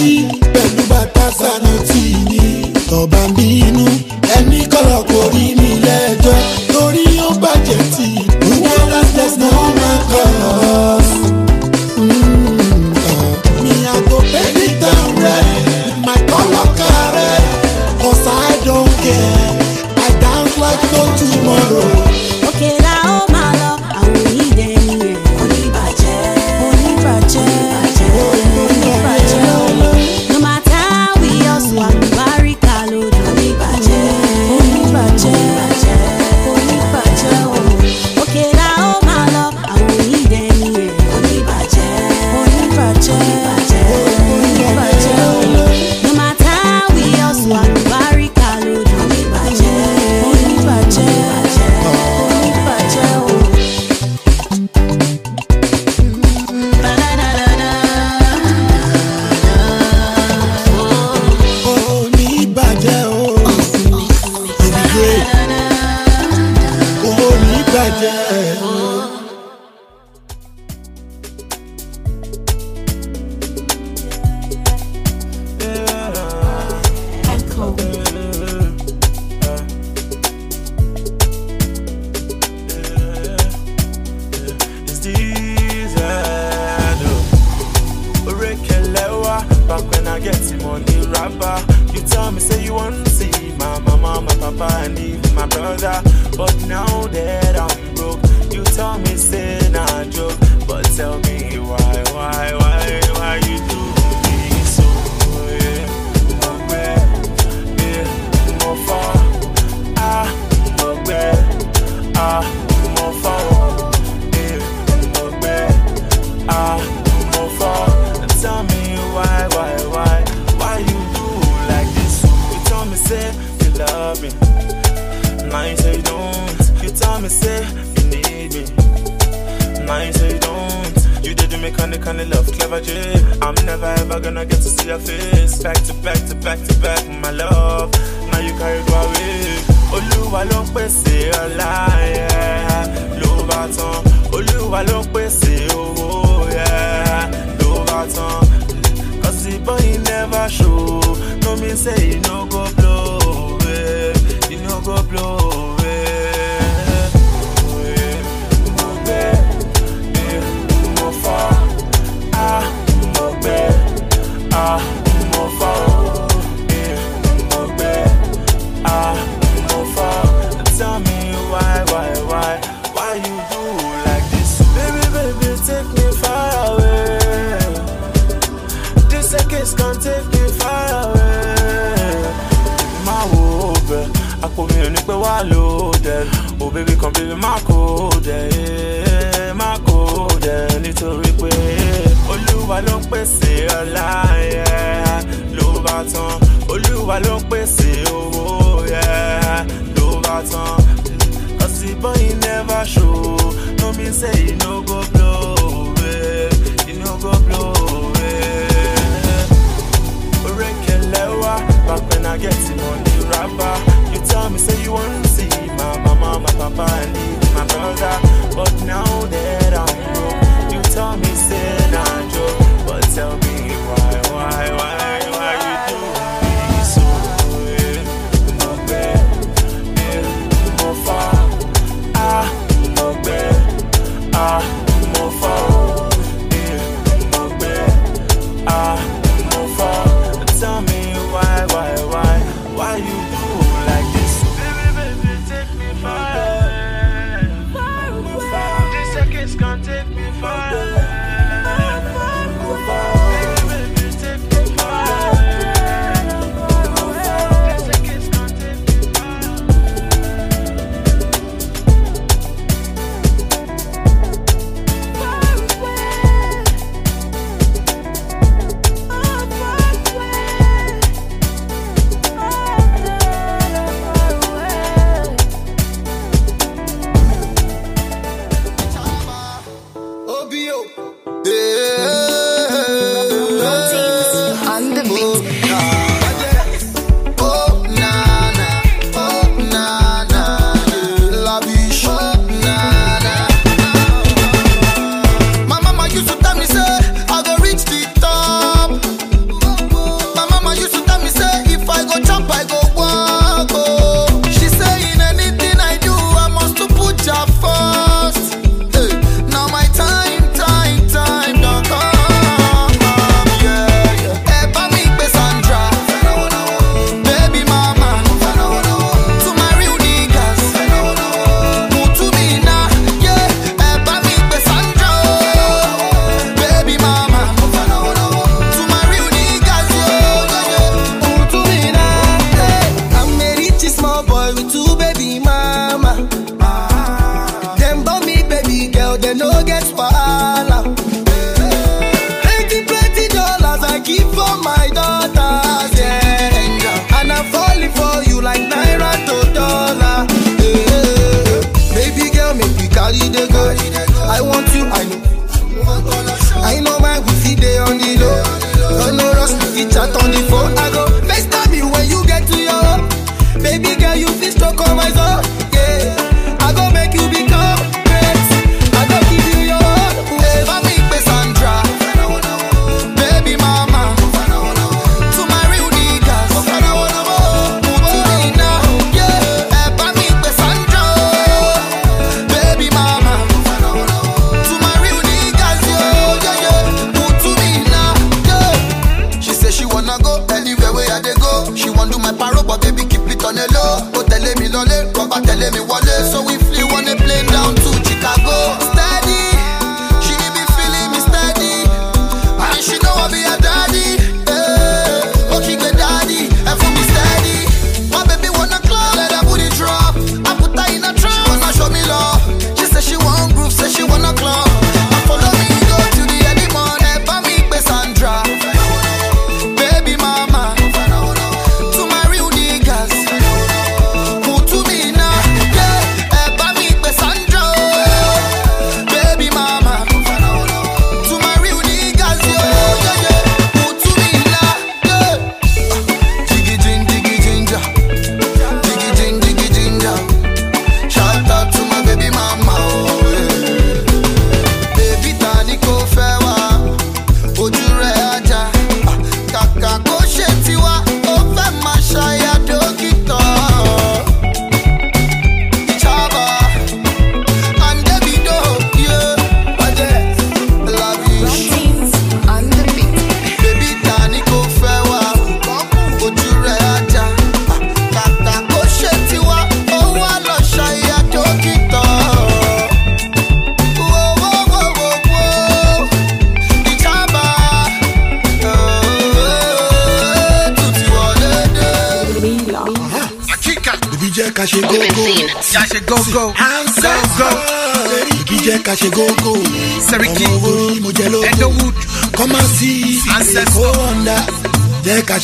létí pẹ̀lú bàtà sanitì ni tọ́ba ń bínú.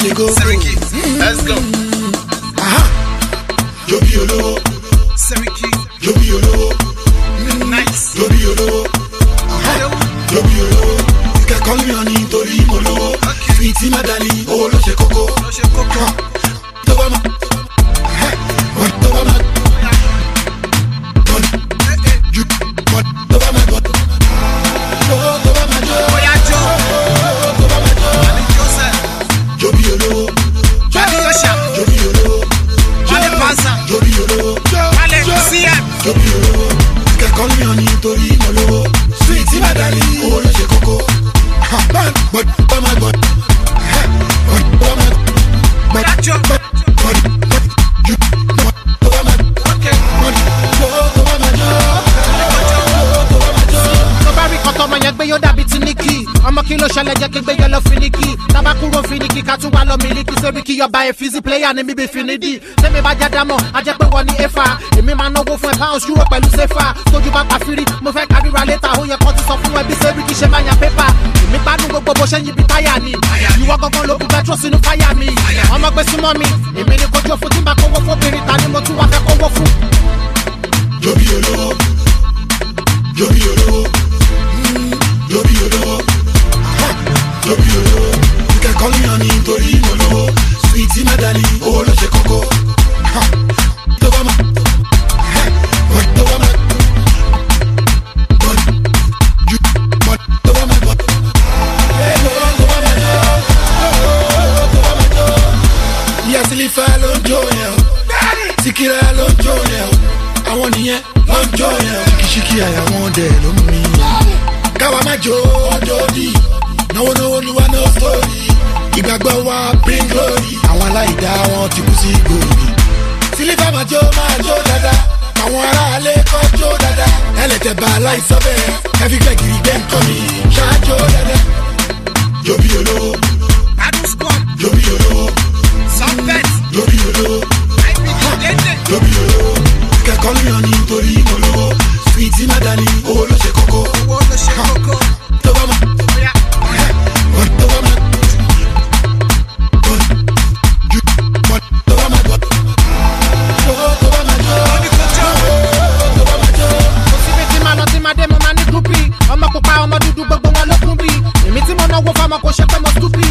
she yani mi be fini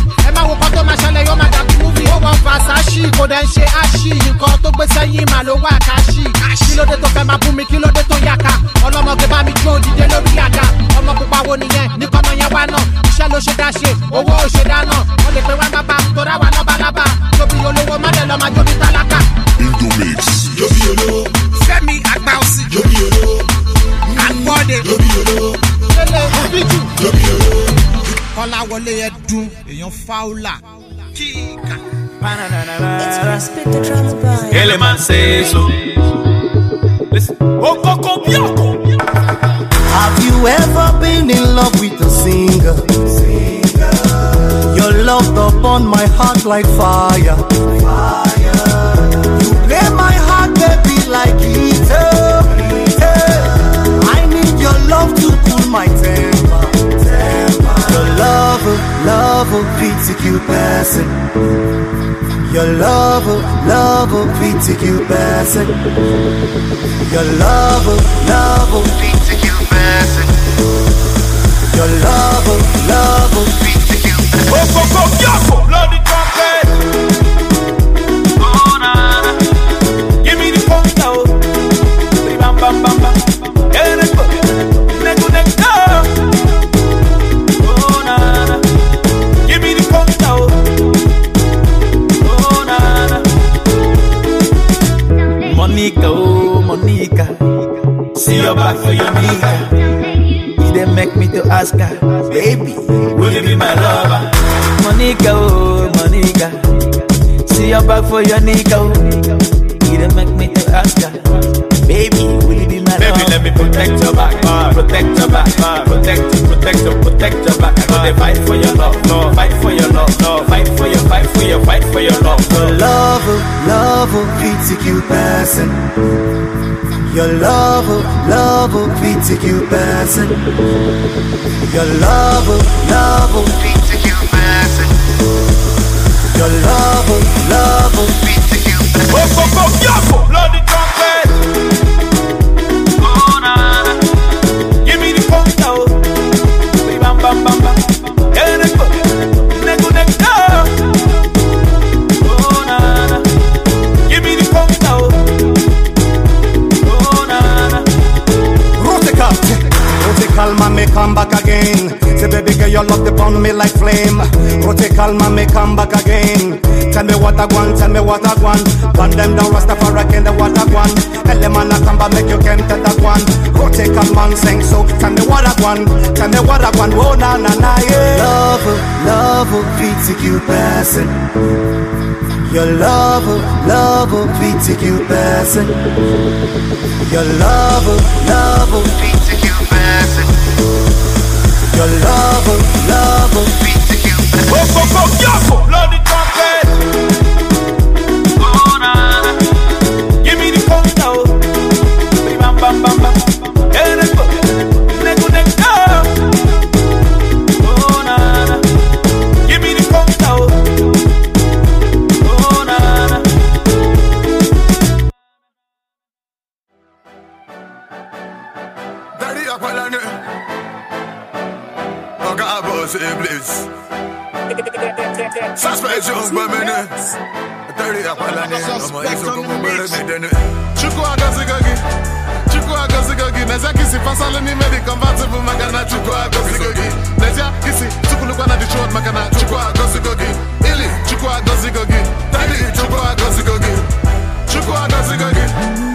movie ẹ máa wo kan tó máa ṣẹlẹ̀ yóò máa dàbí movie ó wọ fàṣàṣì kò dẹ̀ ń ṣe àṣì nǹkan tó gbé sẹ́yìn mà ló wà káṣì kí ló dé tó fẹ́ máa bú mi kí ló dé tó yàkà ọlọ́mọge bá mi jó òdìdé lórí àga ọmọ pupa wo nìyẹn nìkan náà yẹn wá náà iṣẹ́ ló ṣe dá ṣe owó ò ṣe dá wọ́n lè pe wá bàbá tó rá wa lọ́balọ́ba jóbi olówó má dẹ̀ lọ́ máa jóbi tálákà. kíkà. Eleman so. Okoko Have you ever been in love with a singer? singer. Your love upon my heart like fire. fire. You play my heart, baby, like will be till you pass Your love will, love will be till you pass Your love will, love will be till you pass Your love will, love will be till you pass Go, go, go. back for your nigga. didn't make me to ask her, baby, will you be my lover? Monica, oh, Monica, see your back for your nigga. Oh. You did not make me to ask her, baby, will you be my lover? Baby, let me protect your back, man. protect your back, man. protect, protect, protect your back. I gotta fight for your love, no. fight for your love, no. fight for your, fight for your, fight for your love. No. Love, love, oh, physical person. Your love will, love will beat to you passing. Your love will, love will beat you passing. Your love will, love will be you passing. back again. Say, baby girl, your love upon me like flame. Protect calma, me come back again. Tell me what I want, tell me what I want. Burn them down, Rastafari, can the what I want. Tell them I come back, make you can tell that one. Rotate, calma, sing so. Tell me what I want, tell me what I want. Oh, na na na, yeah. Love, love, will beats you passing. Your love, love, will beats you passing. Your love, love, will beats you passing. Yo lovo, lovo Pizza Q Ho ho ho yo Suspect you by minutes. 30 up on the Ama hizo kama mbele Chukua gazi gagi. Chukua gazi gagi. Naja kisi fasale ni medi convertible magana chukua gazi gagi. Naja kisi tukulukwa na Detroit magana chukua gazi gagi. Ili chukua gazi gagi. 30 chukua gazi gagi. Chukua gazi gagi.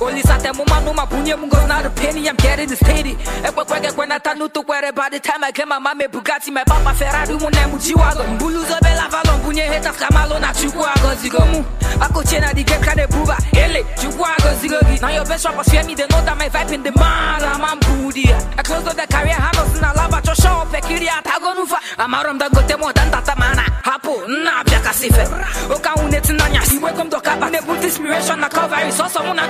올리사 때 몸만 누마 분야 문건 나를 penny I'm getting this pity 에კვ에კვ에게 꿰나타 누뚜 꿰레 by the time I get my 맘에 부가지 매 바빠 페라리 문에 무지와거 블루저 벨라발론 분야 해탑 가말로 나 죽고하거 지금 아코 체나 디게 카네 부바 엘레 죽고하거 지거기 나 옆에 샤파 쉐미 데 노다 마이 vibe in the mind I'm on booty I close the career 하노스 나 라바 저 쇼페 키리아 타고 누파 아마럼 단고 때모 단다타 마나 하포 나 벽가 시페 오카운에 츠나냐 시웨컴 도카바 내 불티스피레이션 나 커버 이 소소 문안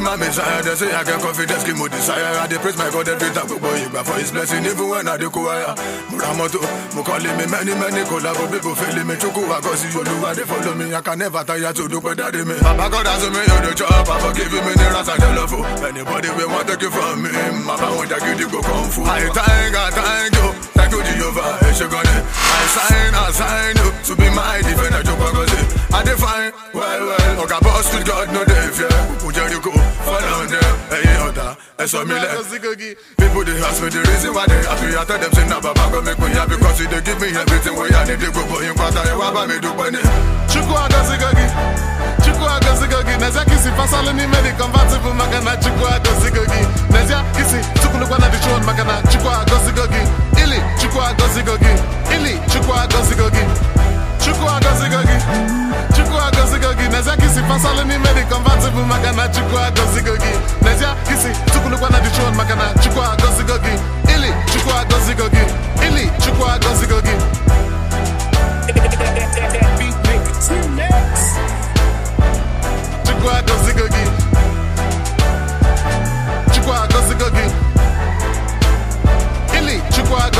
fulfill my mission. They say I can confidence, give me desire. I praise my God every time, but you for his blessing, even when I do choir. Muramoto, calling me many, many collabo people feeling me. too Chuku, I go see you, do they follow me. I can never tire to do what better than me. Papa God has me on the job, Papa give me the rest of the love. Anybody will want to give from me. Papa want to give you go kung fu. I thank, God, thank you, thank you Jehovah, Eshogane. I sign, I sign you to be my defender, Chukwagose. I define, well, well, okay, boss, God, no, they fear. Ujariku. follow them. Hey, other, and so me let people they ask me the reason why they happy. I tell them say nah, Baba go make me happy because they give me everything where I need to go. But in quarter, they want me do money. Chukwu agazigogi, Chukwu agazigogi. Nezia kisi fasali ni meri convertible magana Chukwu agazigogi. Nezia kisi tukulukwa na dichuon magana Chukwu agazigogi. Ili Chukwu agazigogi, Ili Chukwu agazigogi. chukwu agọzigo gogi, chukwu agọzigo gogi, nezia kisi isi fasalụ n'ime dị convertible maka na chukwu agọzigo gị n'ezie ka isi tukwulukwa na dịchon maka na chukwu agọzigo gị ili chukwu agọzigo gogi, ili chukwu agọzigo gogi, chukwu agọzigo gogi, chukwu agọzigo gị ili chukwu agọzigo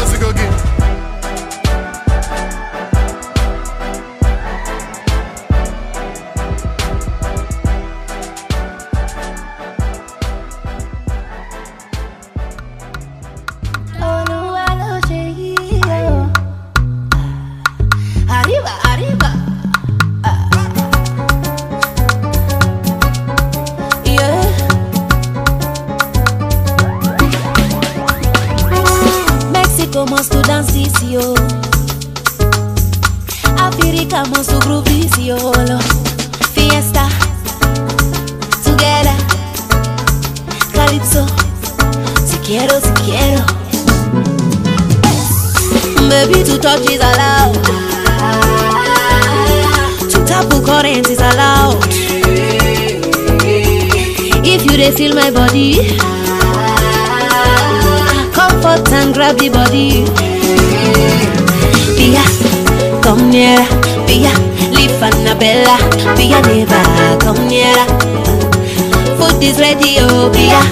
must to dance is yo. Africa must to groove is yo. Fiesta, together, calypso. Si quiero, si quiero. Baby, to touch is allowed. To tap current is allowed. If you dey feel my body. and grab the body. Pia, come nearer. Pia, leave Annabella. Pia, never come nearer. Food is ready, oh Pia,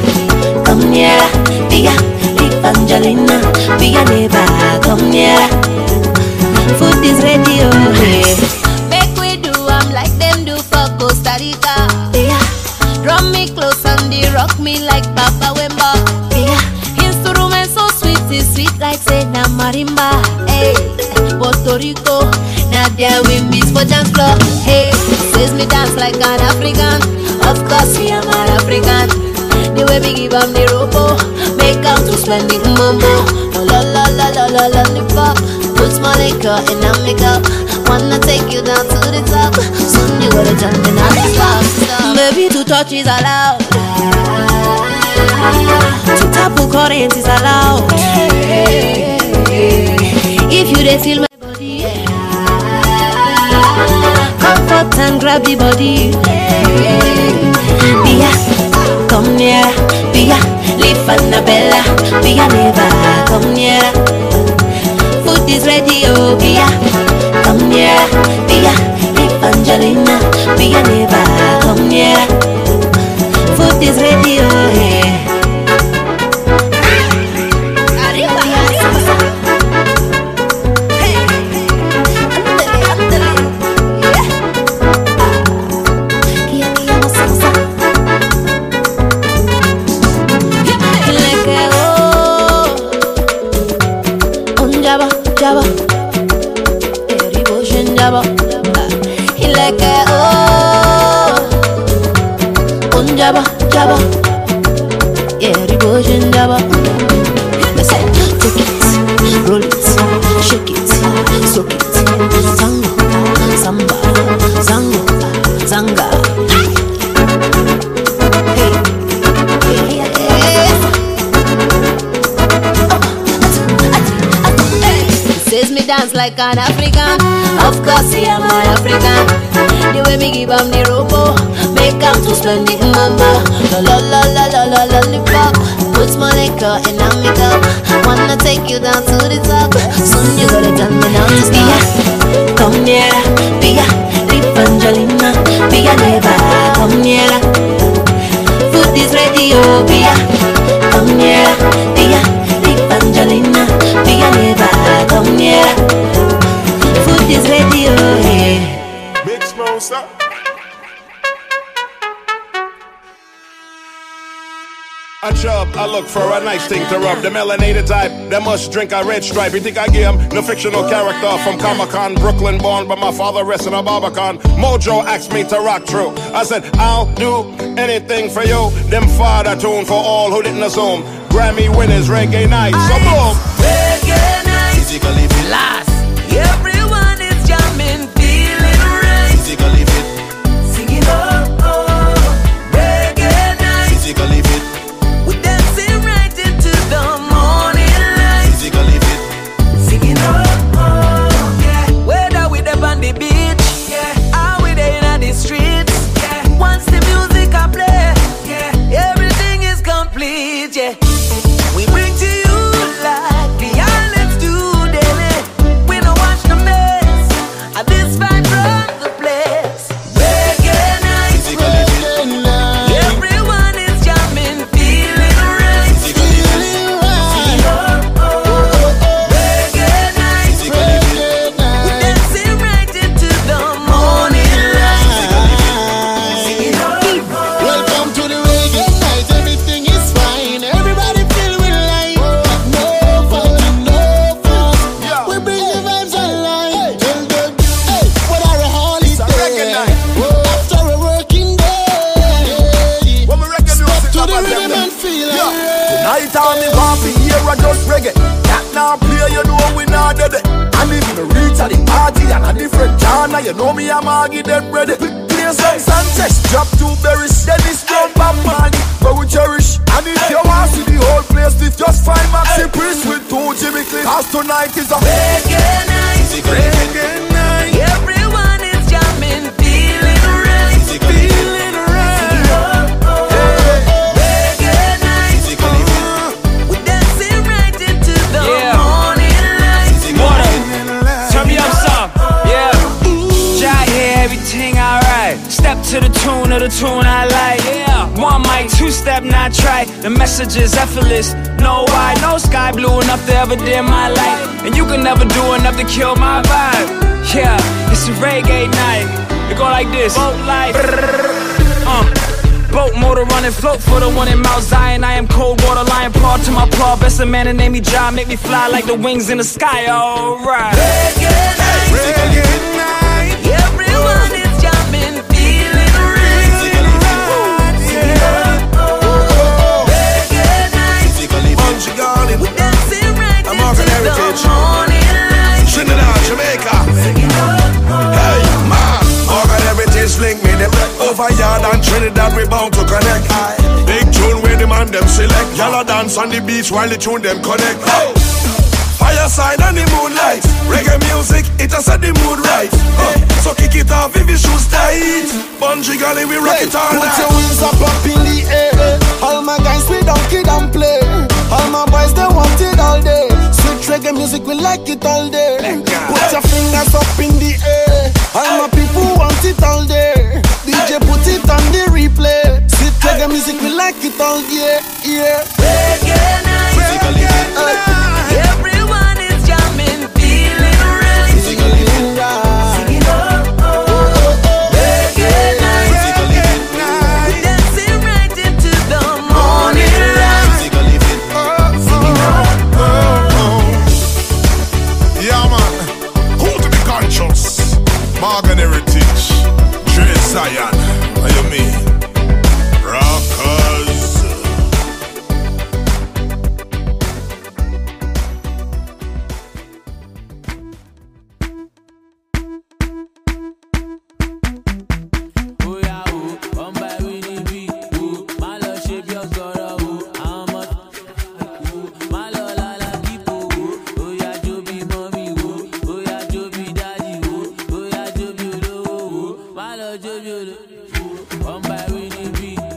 come nearer. Pia, leave Angelina. Pia, never come nearer. Food is ready, oh hey. Rico. Now there we meet for dance floor. Hey, says me dance like an African. Of course, we am an African. The way we give them the robo, make them to spending mumbo. Oh la la la la la la the pop. Put my liquor in a makeup. Wanna take you down to the top. Soon you gonna jump in and stop. Baby, two touches allowed. Two tap current is allowed. If you don't feel up and grab the body. Bia, come nearer. Bia, leave Annabella. Bia, never come nearer. Food is ready, oh Bia, come nearer. Bia, leave Angelina. Bia, never come nearer. Food is ready, oh hey. jabba. Yeah, devotion jabba. They say, take it, roll it, shake it, soak it. Tango, samba, zango, zanga. Hey, hey, hey, hey. Says me dance like an African. Of course, I am an African. The way me give give 'em the rope think I'm too splendid, mama La la la la la la lollipop Put my liquor in a makeup I wanna take you down to the top Soon you going to come gun me down to Pia, come near Pia, be Pia, never come near Food is ready, oh be Pia Come near Pia, be Pia, never come near Food is ready, oh a chub. I look for a nice thing to rub. The melanated type that must drink a red stripe. You think I give him no fictional character from Comic Con, Brooklyn born, but my father rests in a barbican. Mojo asked me to rock true. I said, I'll do anything for you. Them father tune for all who didn't assume. Grammy winners, reggae nights, So boom. Reggae night. Physically last. A man, and name me John, make me fly like the wings in the sky, alright. Reggae night. Reggae night. dance on the beach while the tune them connect. Fire sign and the moonlight. Reggae music, it has set the mood right. So kick it off if your shoes tight. Bungee gully, we rock it all Put your wings up up in the air. All my guys, we don't kid and play. All my boys, they want it all day. Sweet reggae music, we like it all day. Put your fingers up in the air. All my people want it all day. DJ, put it on the replay. Sweet reggae music, we like it all day yeah. Reggae. lọ jóbi olè. Wọ́n bá wí níbí.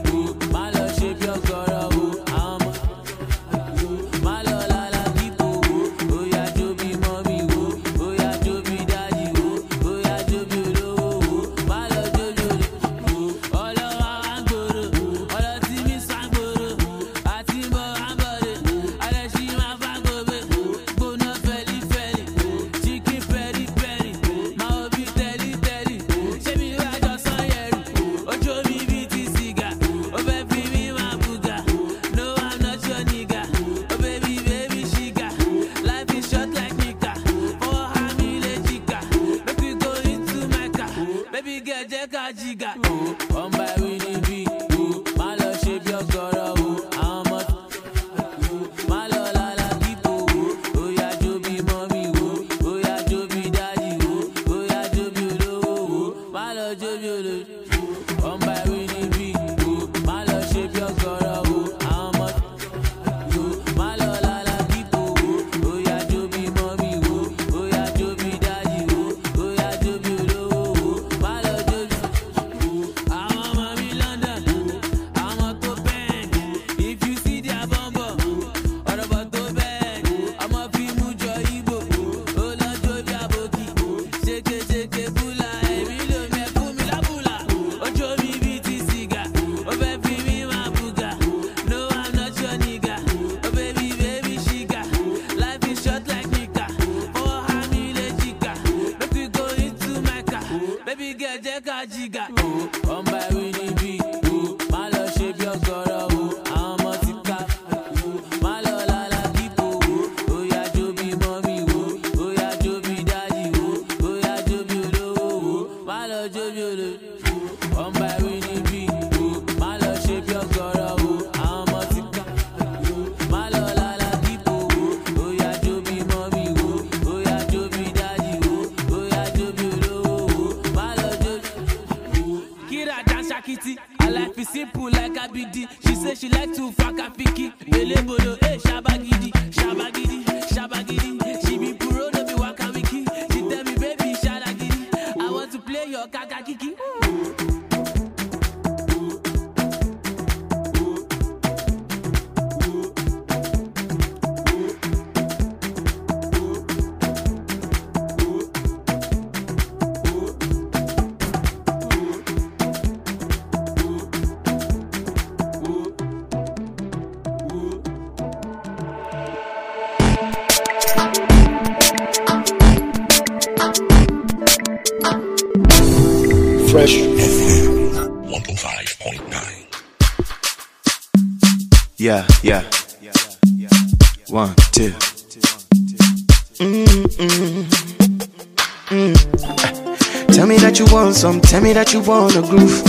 wanna groove.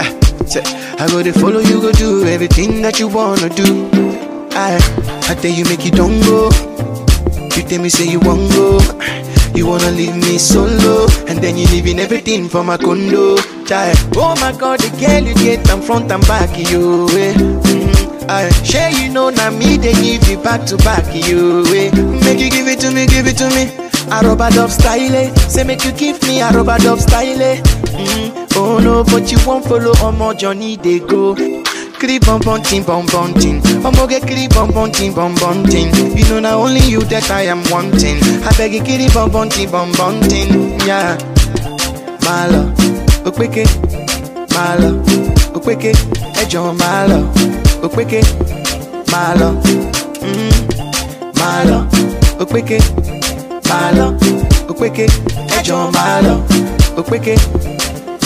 Ah, I go to follow you, go do everything that you wanna do. I, ah, I tell you, make you don't go. You tell me, say you won't go. Ah, you wanna leave me solo, and then you leaving everything for my condo. Child. Oh my god, the girl you get, I'm front and back, you. Eh. I, mm-hmm, share you know, now me, they give you back to back, you. Eh. Make you give it to me, give it to me. I rub a dub style, eh. say make you give me rub a dub style. Eh love, but you won't follow on my journey they go. Kiri bum bum ting I'ma get kiri bum bum ting bum bum ting. You know not only you that I am wanting. I beg you kiri bum bum ting bum bum ting, yeah. My love, okweke, my love, okweke, ejo Malo, love, okweke, my love, mm, malo, mm-hmm. love, okweke, my love, okweke, ejo my love, okweke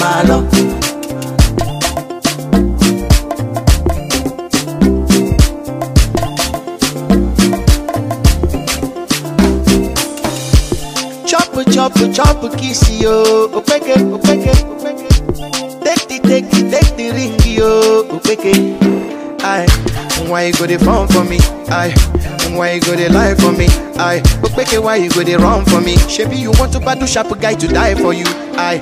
my love. chop chopper, chop kiss yo. Opeke, opeke, opeke. Take the, take the, take the ring yo. Opeke, aye. Why you go the phone for me? Aye. Why you go the lie for me? Aye. Opeke, why you go the run for me? Shebi, you want to battle sharp guy to die for you? Aye.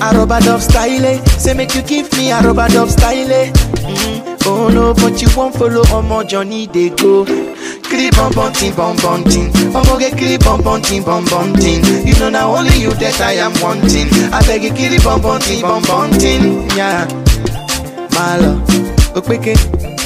Aroba dove style. Say make you give me a aroba dove style. mm Oh no, but you won't follow on my journey they go. Kili bum bunting, ting bum bum ting. Omo get kili bum bunting, bum bum You know now only you that I am wanting. I beg you kili bum bunting, ting bum bum Yeah, my love, look wicked. Eh?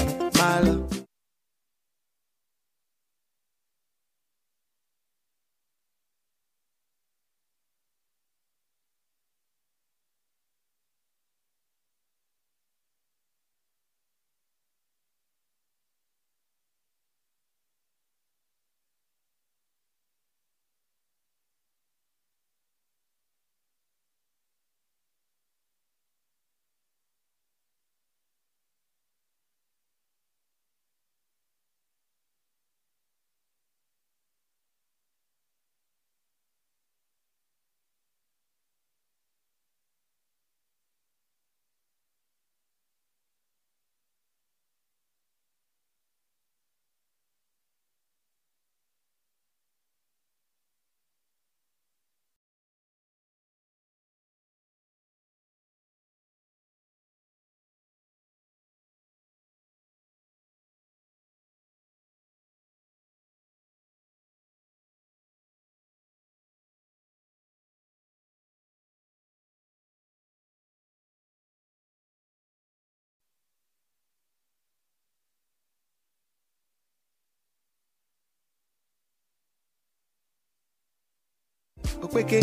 òpèké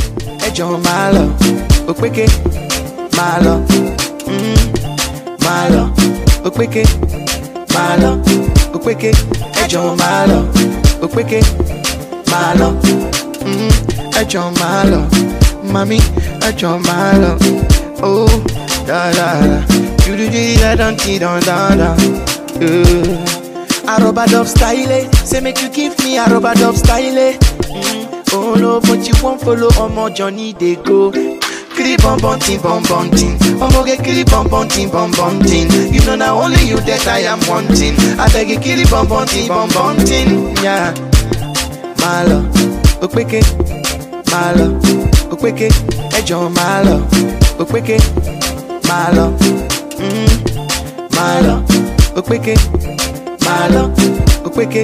ẹjọ máa lọ òpèké máa lọ mm-hmm. máa lọ òpèké máa lọ òpèké ẹjọ máa lọ da da da. ẹjọ máa lọ mami ẹjọ máa lọ ó da da. yíyá dantí dandandan. Arobadop style, eh? say make you give me Arobadop style. Eh? Oh no, but you won't follow on my journey they go. Kiri bum bum ting bum bum ting, omoge kiri bum bum ting bum bum ting. You know now only you that I am wanting. I beg you kiri bum bum ting bum bum ting, yeah. My love, okweke, malo, love, okweke, ejo malo, love, okweke, my love, mm, mm-hmm. malo, love, okweke, my love, okweke,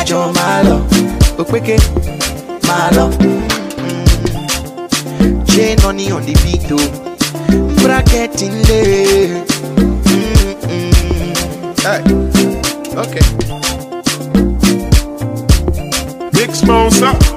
ejo my love, okweke my love. Mm. Chain on the beat though. Bracket in there. Hey. Okay. Big stuff.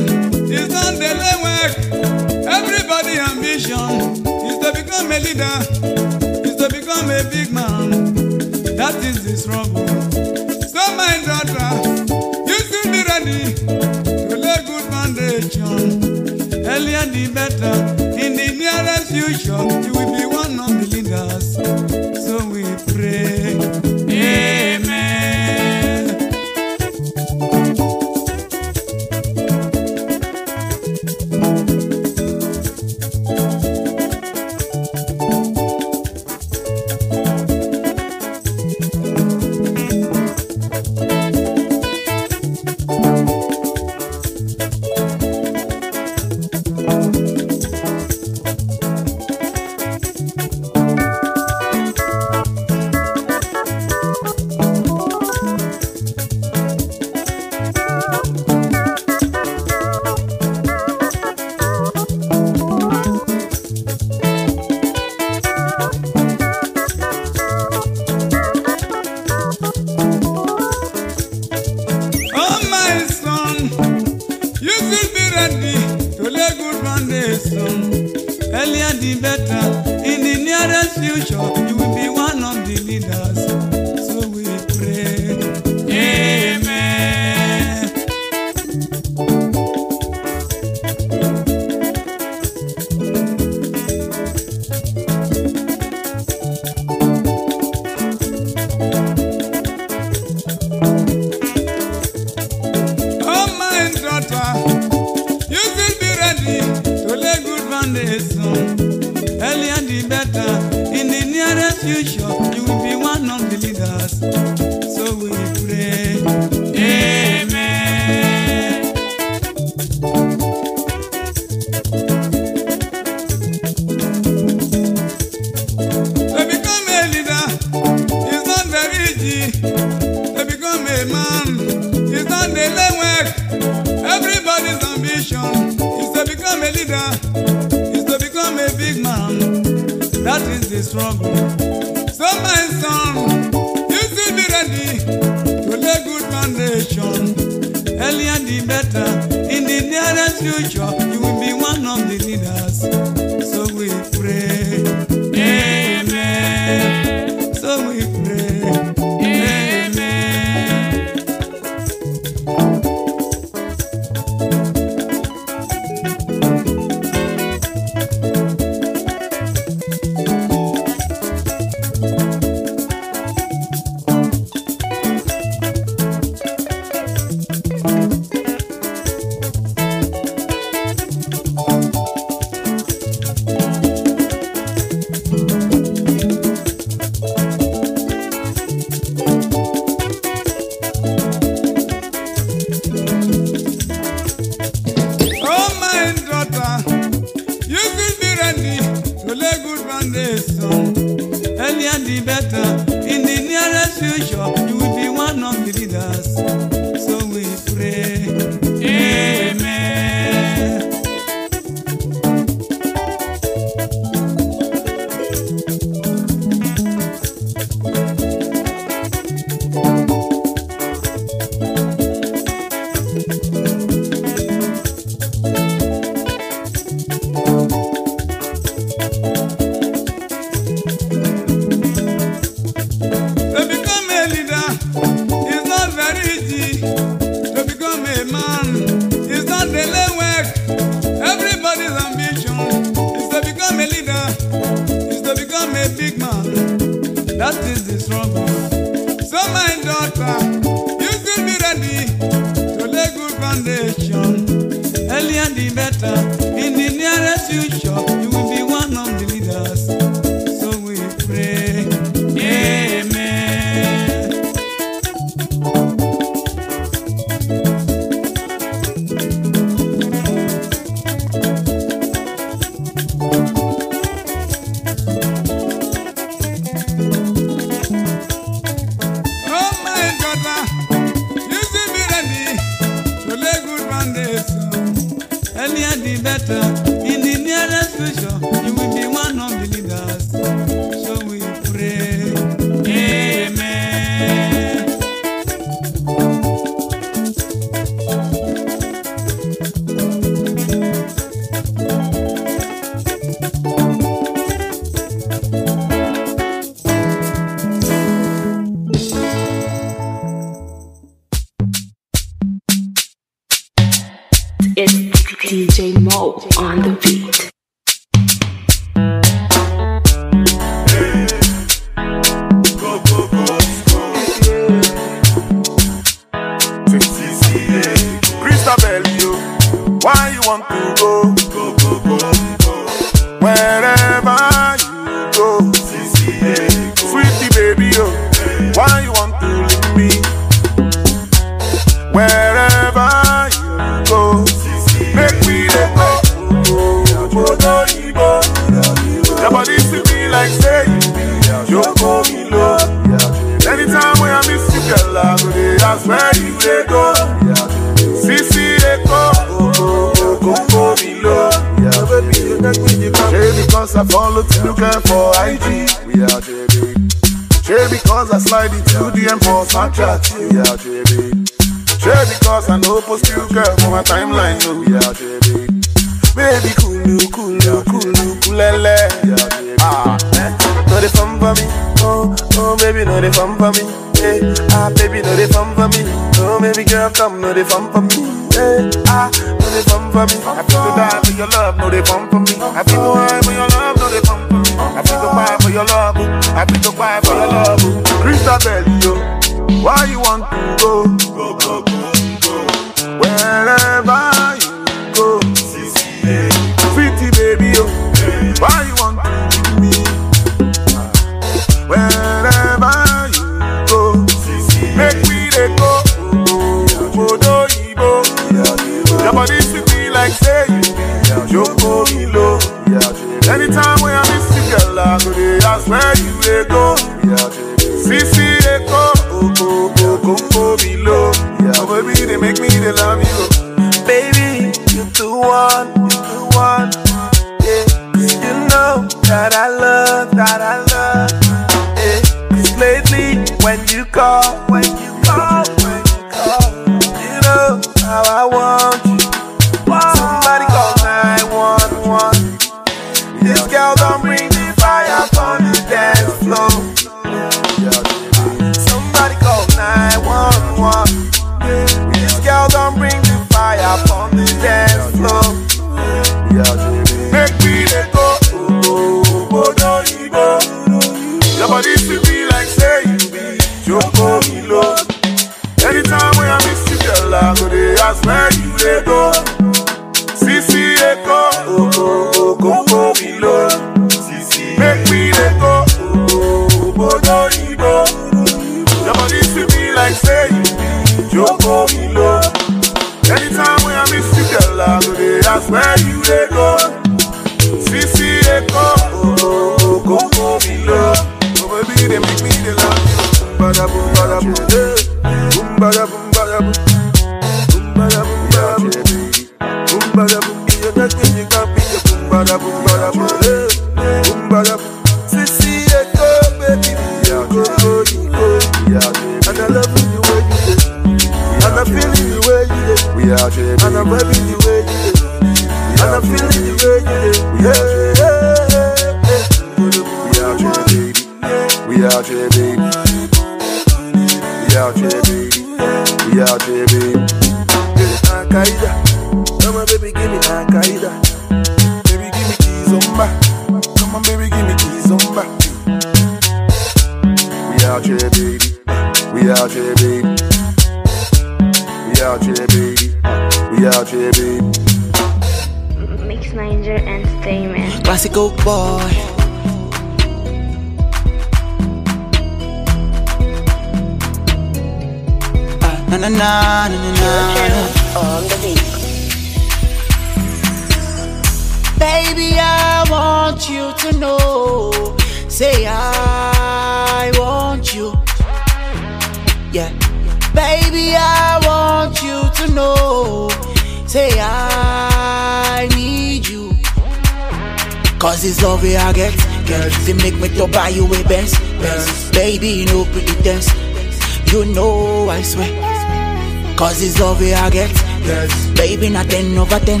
Cause it's all we are get yes. Baby, not ten over ten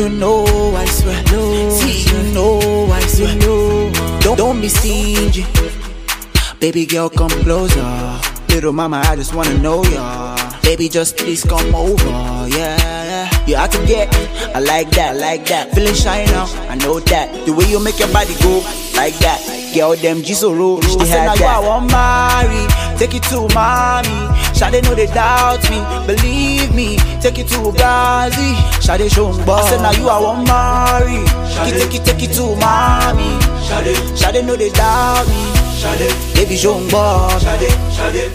you know I swear, no, see you know I swear. No, don't don't be stingy, baby girl come closer. Little mama, I just wanna know ya. Baby, just please come over, yeah. You have to get, I like that, like that. Feeling shy now, I know that. The way you make your body go, like that. Girl, them Jisoo rules, they now you I want Mari, take it to mommy. Shade know they doubt me, believe me. Take it to Gazi, Shade show me I said now you I want marry. Take Shade. Take it, take it to mommy. Shade, Shade know they doubt me. Shade, baby show me Shade, Shade.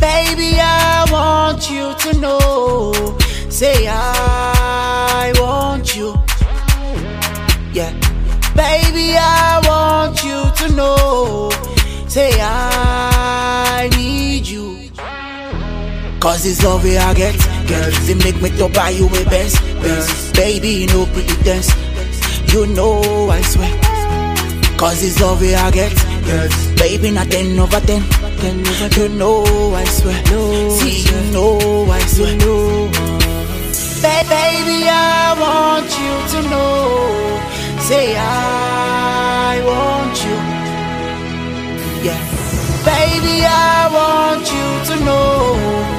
Baby, I want you to know. Say I want you. Yeah. Baby, I want you to know. Say I Cause it's all we I get. Girls, it make me to buy you a best. best. Baby, no pretense. You know I swear. Cause it's all we I get. Girls, baby, not 10 over 10. You know I swear. No, See, you know I swear. You Baby, I want you to know. Say, I want you. Yes. Baby, I want you to know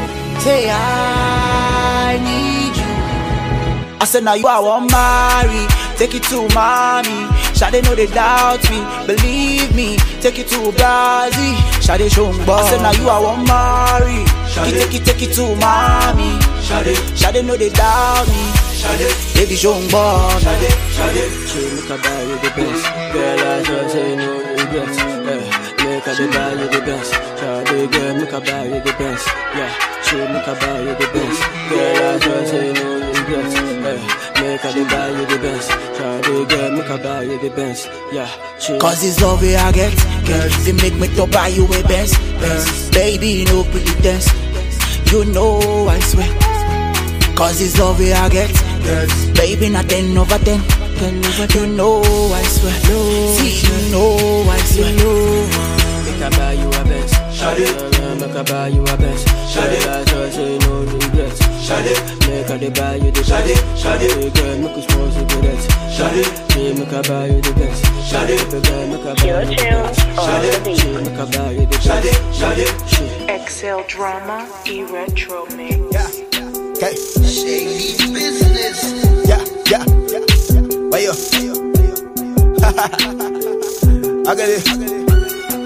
Say I need you. I said now you I want marry. Take it to mommy. Shade know they doubt me. Believe me. Take it to Brazil. Shade show me. I said now you I want marry. Take it Take it, take it to mommy. Shade. Shade know they doubt me. Shade. Baby show me. Shade. Shade. She look at that you the best. Girl I just say no regrets. Yeah. Make her the buy you the best. Shade girl make her buy you the best. Yeah make I buy you the best. Girl, I just no Hey, make I buy you the best. Try to get, buy you the best. Yeah, chill. Cause it's love I get. Girl, it make me to buy you a best. best. Baby, no pretense. You know I swear. Cause it's love I get. Girl, baby, not ten over ten. You know I swear. No, See, you know I swear. You know. Uh, make I buy you a best. Shut it make I buy you a best. Shawty, that's why say no regrets. Shawty, make I buy you the best. Shawty, girl, make us more cigarettes. Shawty, she make I buy you the best. Shawty, girl, make I buy you the best. Shawty, she make I buy you the best. Shawty, she. XL drama, e retro mix. Yeah, okay. Shady business. Yeah, yeah, yeah. Where you? I got it.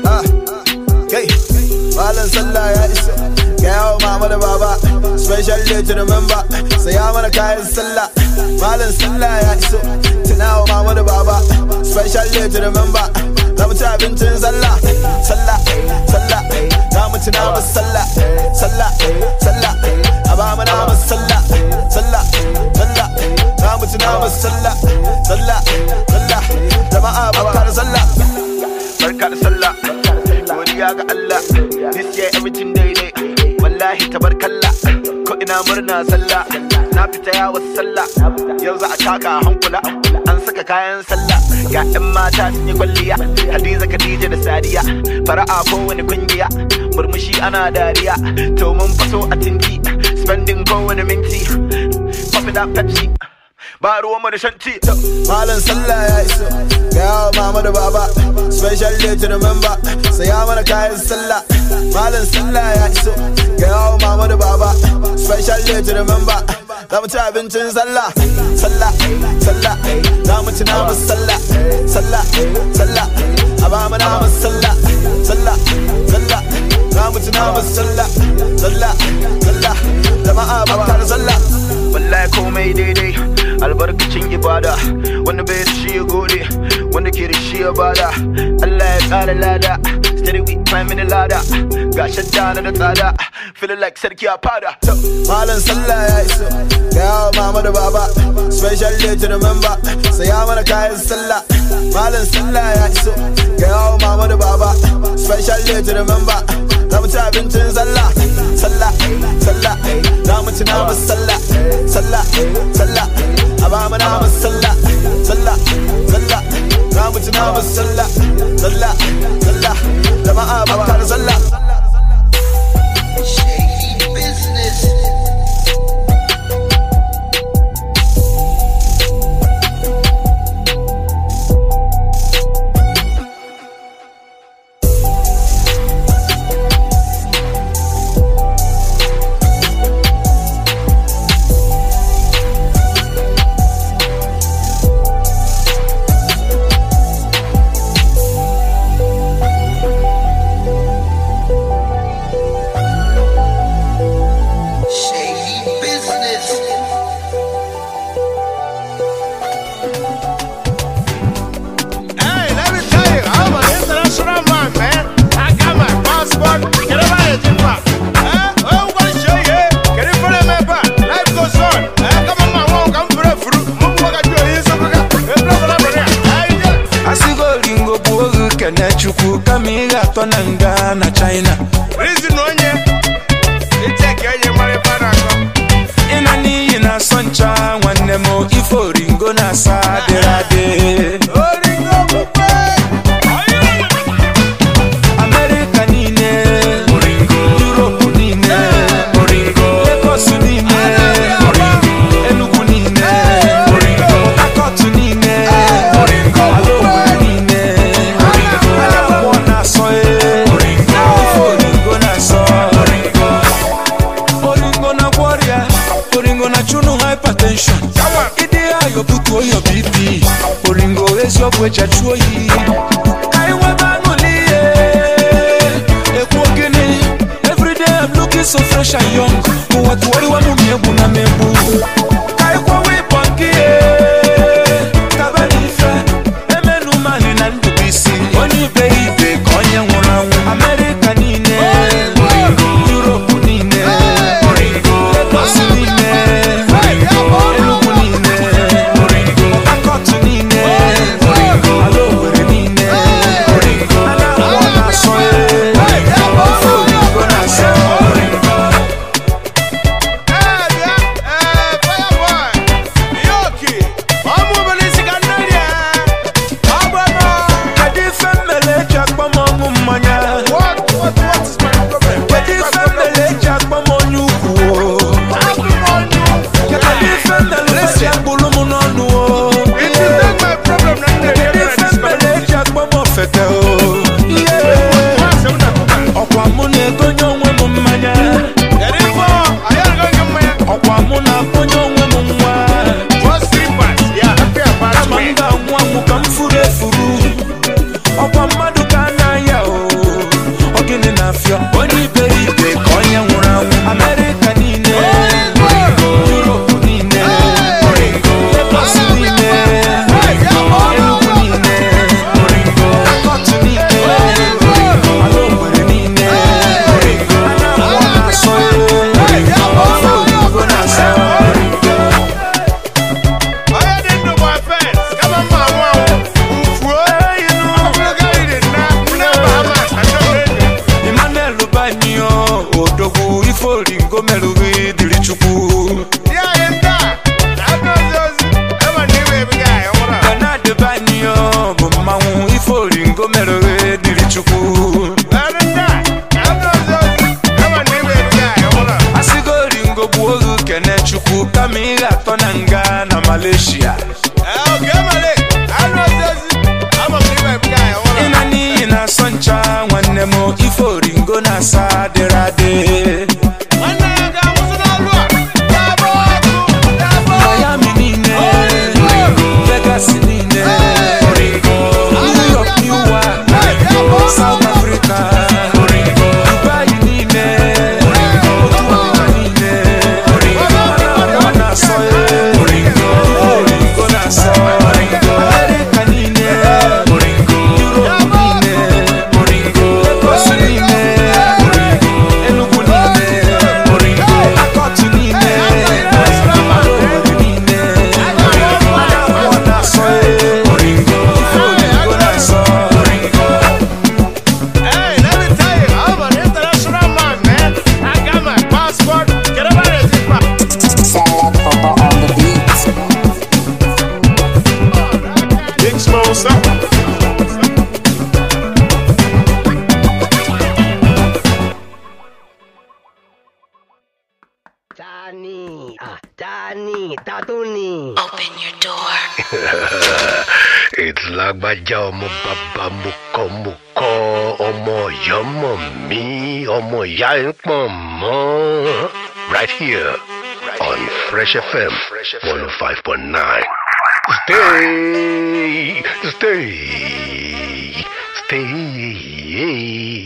Ah, okay. malam sallah ya isa ga yawo mama da baba special day to remember saya mana kayan sallah malam sallah ya iso tunawa mama da baba special day to remember za mu ci abincin sallah sallah sallah za mu ci namu sallah sallah sallah a ba mu nama sallah sallah sallah za mu ci namu sallah sallah sallah jama'a barka da sallah barka da sallah godiya ga Allah This year everything daidai. Wallahi tabarkalla. Ko ina murna sallah. Na fita yawa salla Yau za a taka hankula. An saka kayan salla Ga 'yan mata sun yi kwalliya. Hadiza Khadija da Sadiya. Fara'a wani kungiya. Murmushi ana dariya. To mun faso a tinki. Spending wani minti. Pop it up Pepsi. ba ruwan mu da shanti malam sallah ya iso ga yawa mama da baba special day to remember saya mana kayan sallah malam sallah ya iso ga yawa mama da baba special day to remember za mu ci abincin sallah sallah sallah za mu ci nama sallah sallah sallah a ba mu namu sallah sallah sallah za mu ci namu sallah sallah sallah jama'a bakar sallah wallahi komai daidai albarkacin ibada wanda bai da shi ya gode wanda ke da shi ya bada alive, ya tsara lada steady we climbing the ladder got ga shadda na da tsada feeling like sarki a fada malam salla ya iso ga mama da baba special day to remember saya mana kayan salla, malam salla ya iso ga mama da baba special day to remember za mu ci abincin salla, sallah sallah za mu ci namu salla, salla, salla abama na masalla sallah sallah na mutu na masalla Tona odogu ifolingo melubi Mama, right here on Fresh FM, Fresh FM. 105.9. Stay, stay, stay.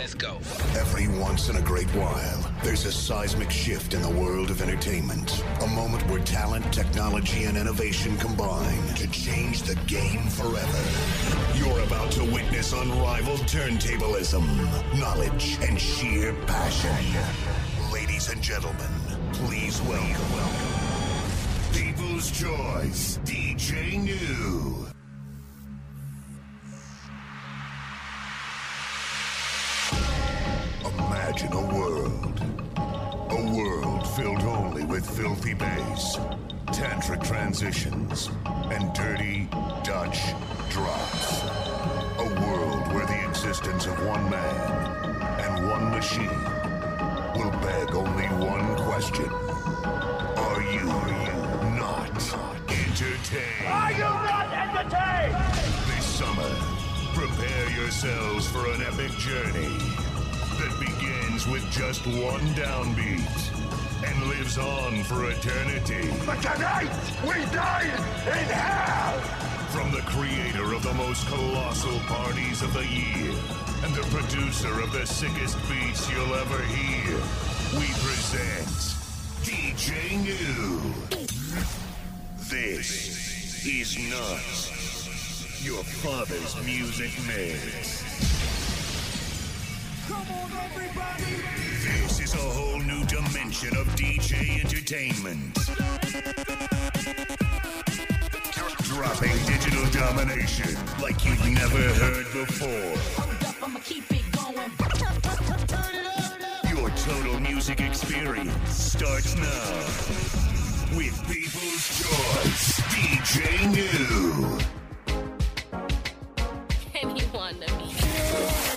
Let's go. Every once in a great while, there's a seismic shift in the world of entertainment. A moment where talent, technology, and innovation combine to change the game forever. You're about to witness unrivaled turntablism, knowledge, and sheer passion. Ladies and gentlemen, please welcome. People's Choice, DJ New. imagine a world. A world filled only with filthy bass, tantric transitions, and dirty Dutch drops. A world where the existence of one man and one machine will beg only one question. Are you, not entertained? Are you not entertained? This summer, prepare yourselves for an epic journey that begins with just one downbeat and lives on for eternity. But tonight, we die in hell! From the creator of the most colossal parties of the year and the producer of the sickest beats you'll ever hear, we present DJ New. This is not your father's music mix. This is a whole new dimension of DJ entertainment. Dropping digital domination like you've never heard before. Your total music experience starts now with People's Choice DJ New. Anyone to be?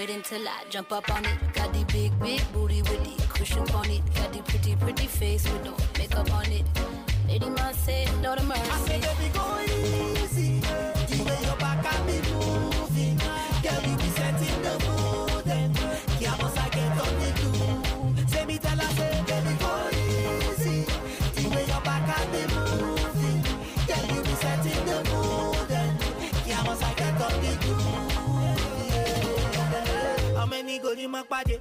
wait until I jump up on it. Got the big, big booty with the cushion on it. Got the pretty, pretty face with no makeup on it. Lady Ma said, no to mercy. I said, baby, go easy. The way your back got be move. goli makpade?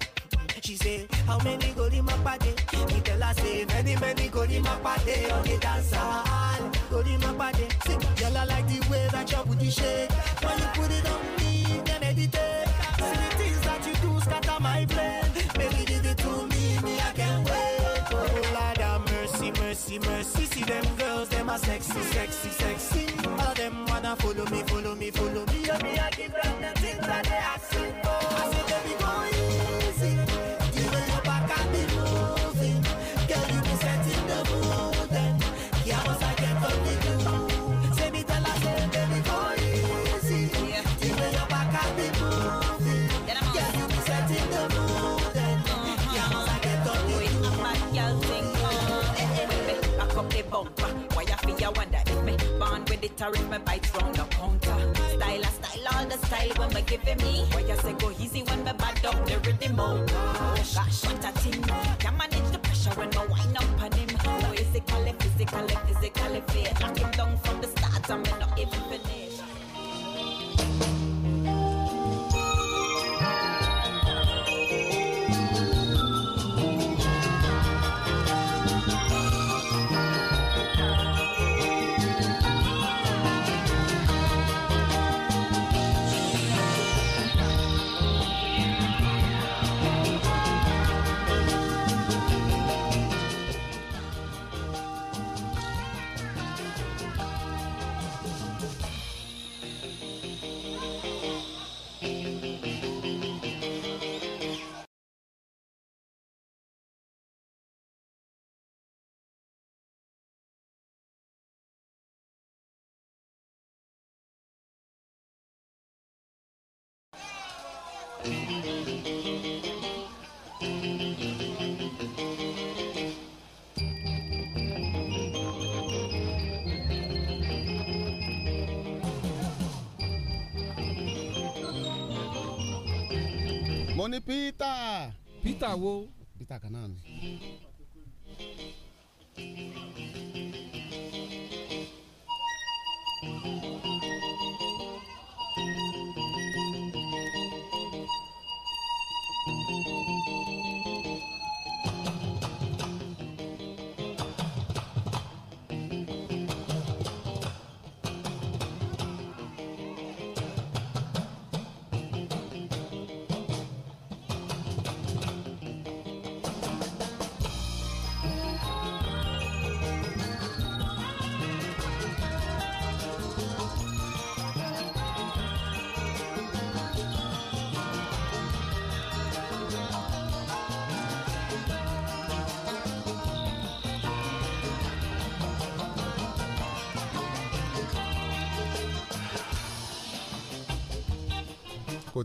She say, how many goli makpade? Me tell her say, many many goli makpade on the dancehall. hall. Goli makpade, see, girl I like the way that your booty shake. When you put it on me, then meditate. See the things that you do scatter my brain. Baby, give it to me, me I can't wait. Oh, oh Lord, have mercy, mercy, mercy. See them girls, them are sexy, sexy, sexy. All them wanna follow me Tarif me bite from the counter. Style a style, all the style when me giving me. Why you say go easy when me bad up the rhythm? Oh gosh, what a thing. Can manage the pressure when me wind up on him. Physically, physically, physically fit. Lock him down from the start, I'm not even finished. ní Peter. Peter wo. Peter kan ni.